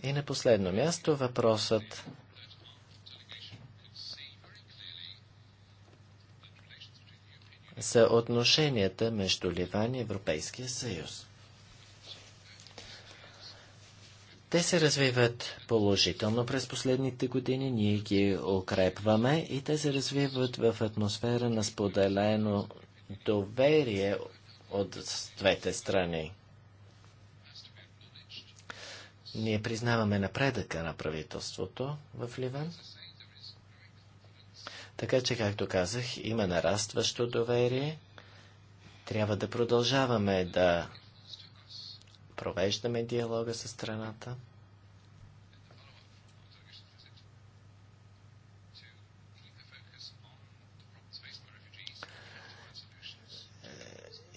И на последно място въпросът за отношенията между Ливан и Европейския съюз. Те се развиват положително през последните години, ние ги укрепваме и те се развиват в атмосфера на споделено доверие от двете страни. Ние признаваме напредъка на правителството в Ливан. Така че, както казах, има нарастващо доверие. Трябва да продължаваме да провеждаме диалога с страната.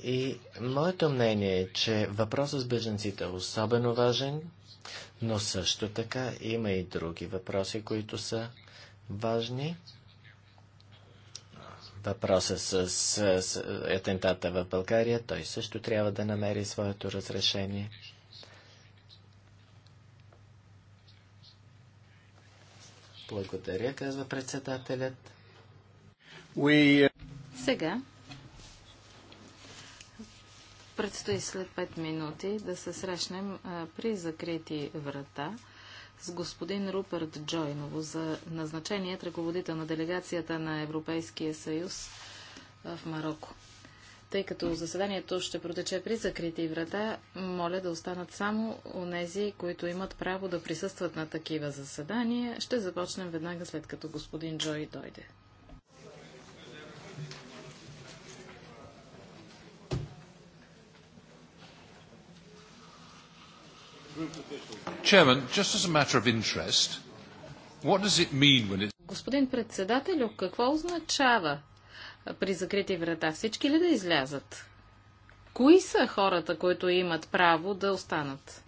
И моето мнение е, че въпросът с беженците е особено важен, но също така има и други въпроси, които са важни. Въпросът с, с, с атентата в България, той също трябва да намери своето разрешение. Благодаря, казва председателят. We... Uh, Сега Предстои след 5 минути да се срещнем а, при закрити врата с господин Руперт Джойново за назначение ръководител на делегацията на Европейския съюз в Марокко. Тъй като заседанието ще протече при закрити врата, моля да останат само онези, които имат право да присъстват на такива заседания. Ще започнем веднага след като господин Джой дойде. Господин председателю, какво означава при закрити врата? Всички ли да излязат? Кои са хората, които имат право да останат?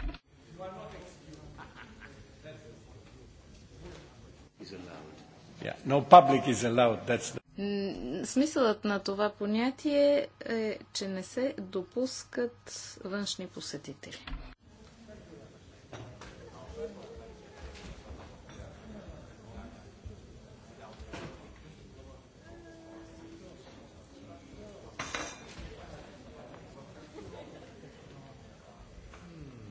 Yeah. No public is allowed. That's the... Смисълът на това понятие е, че не се допускат външни посетители.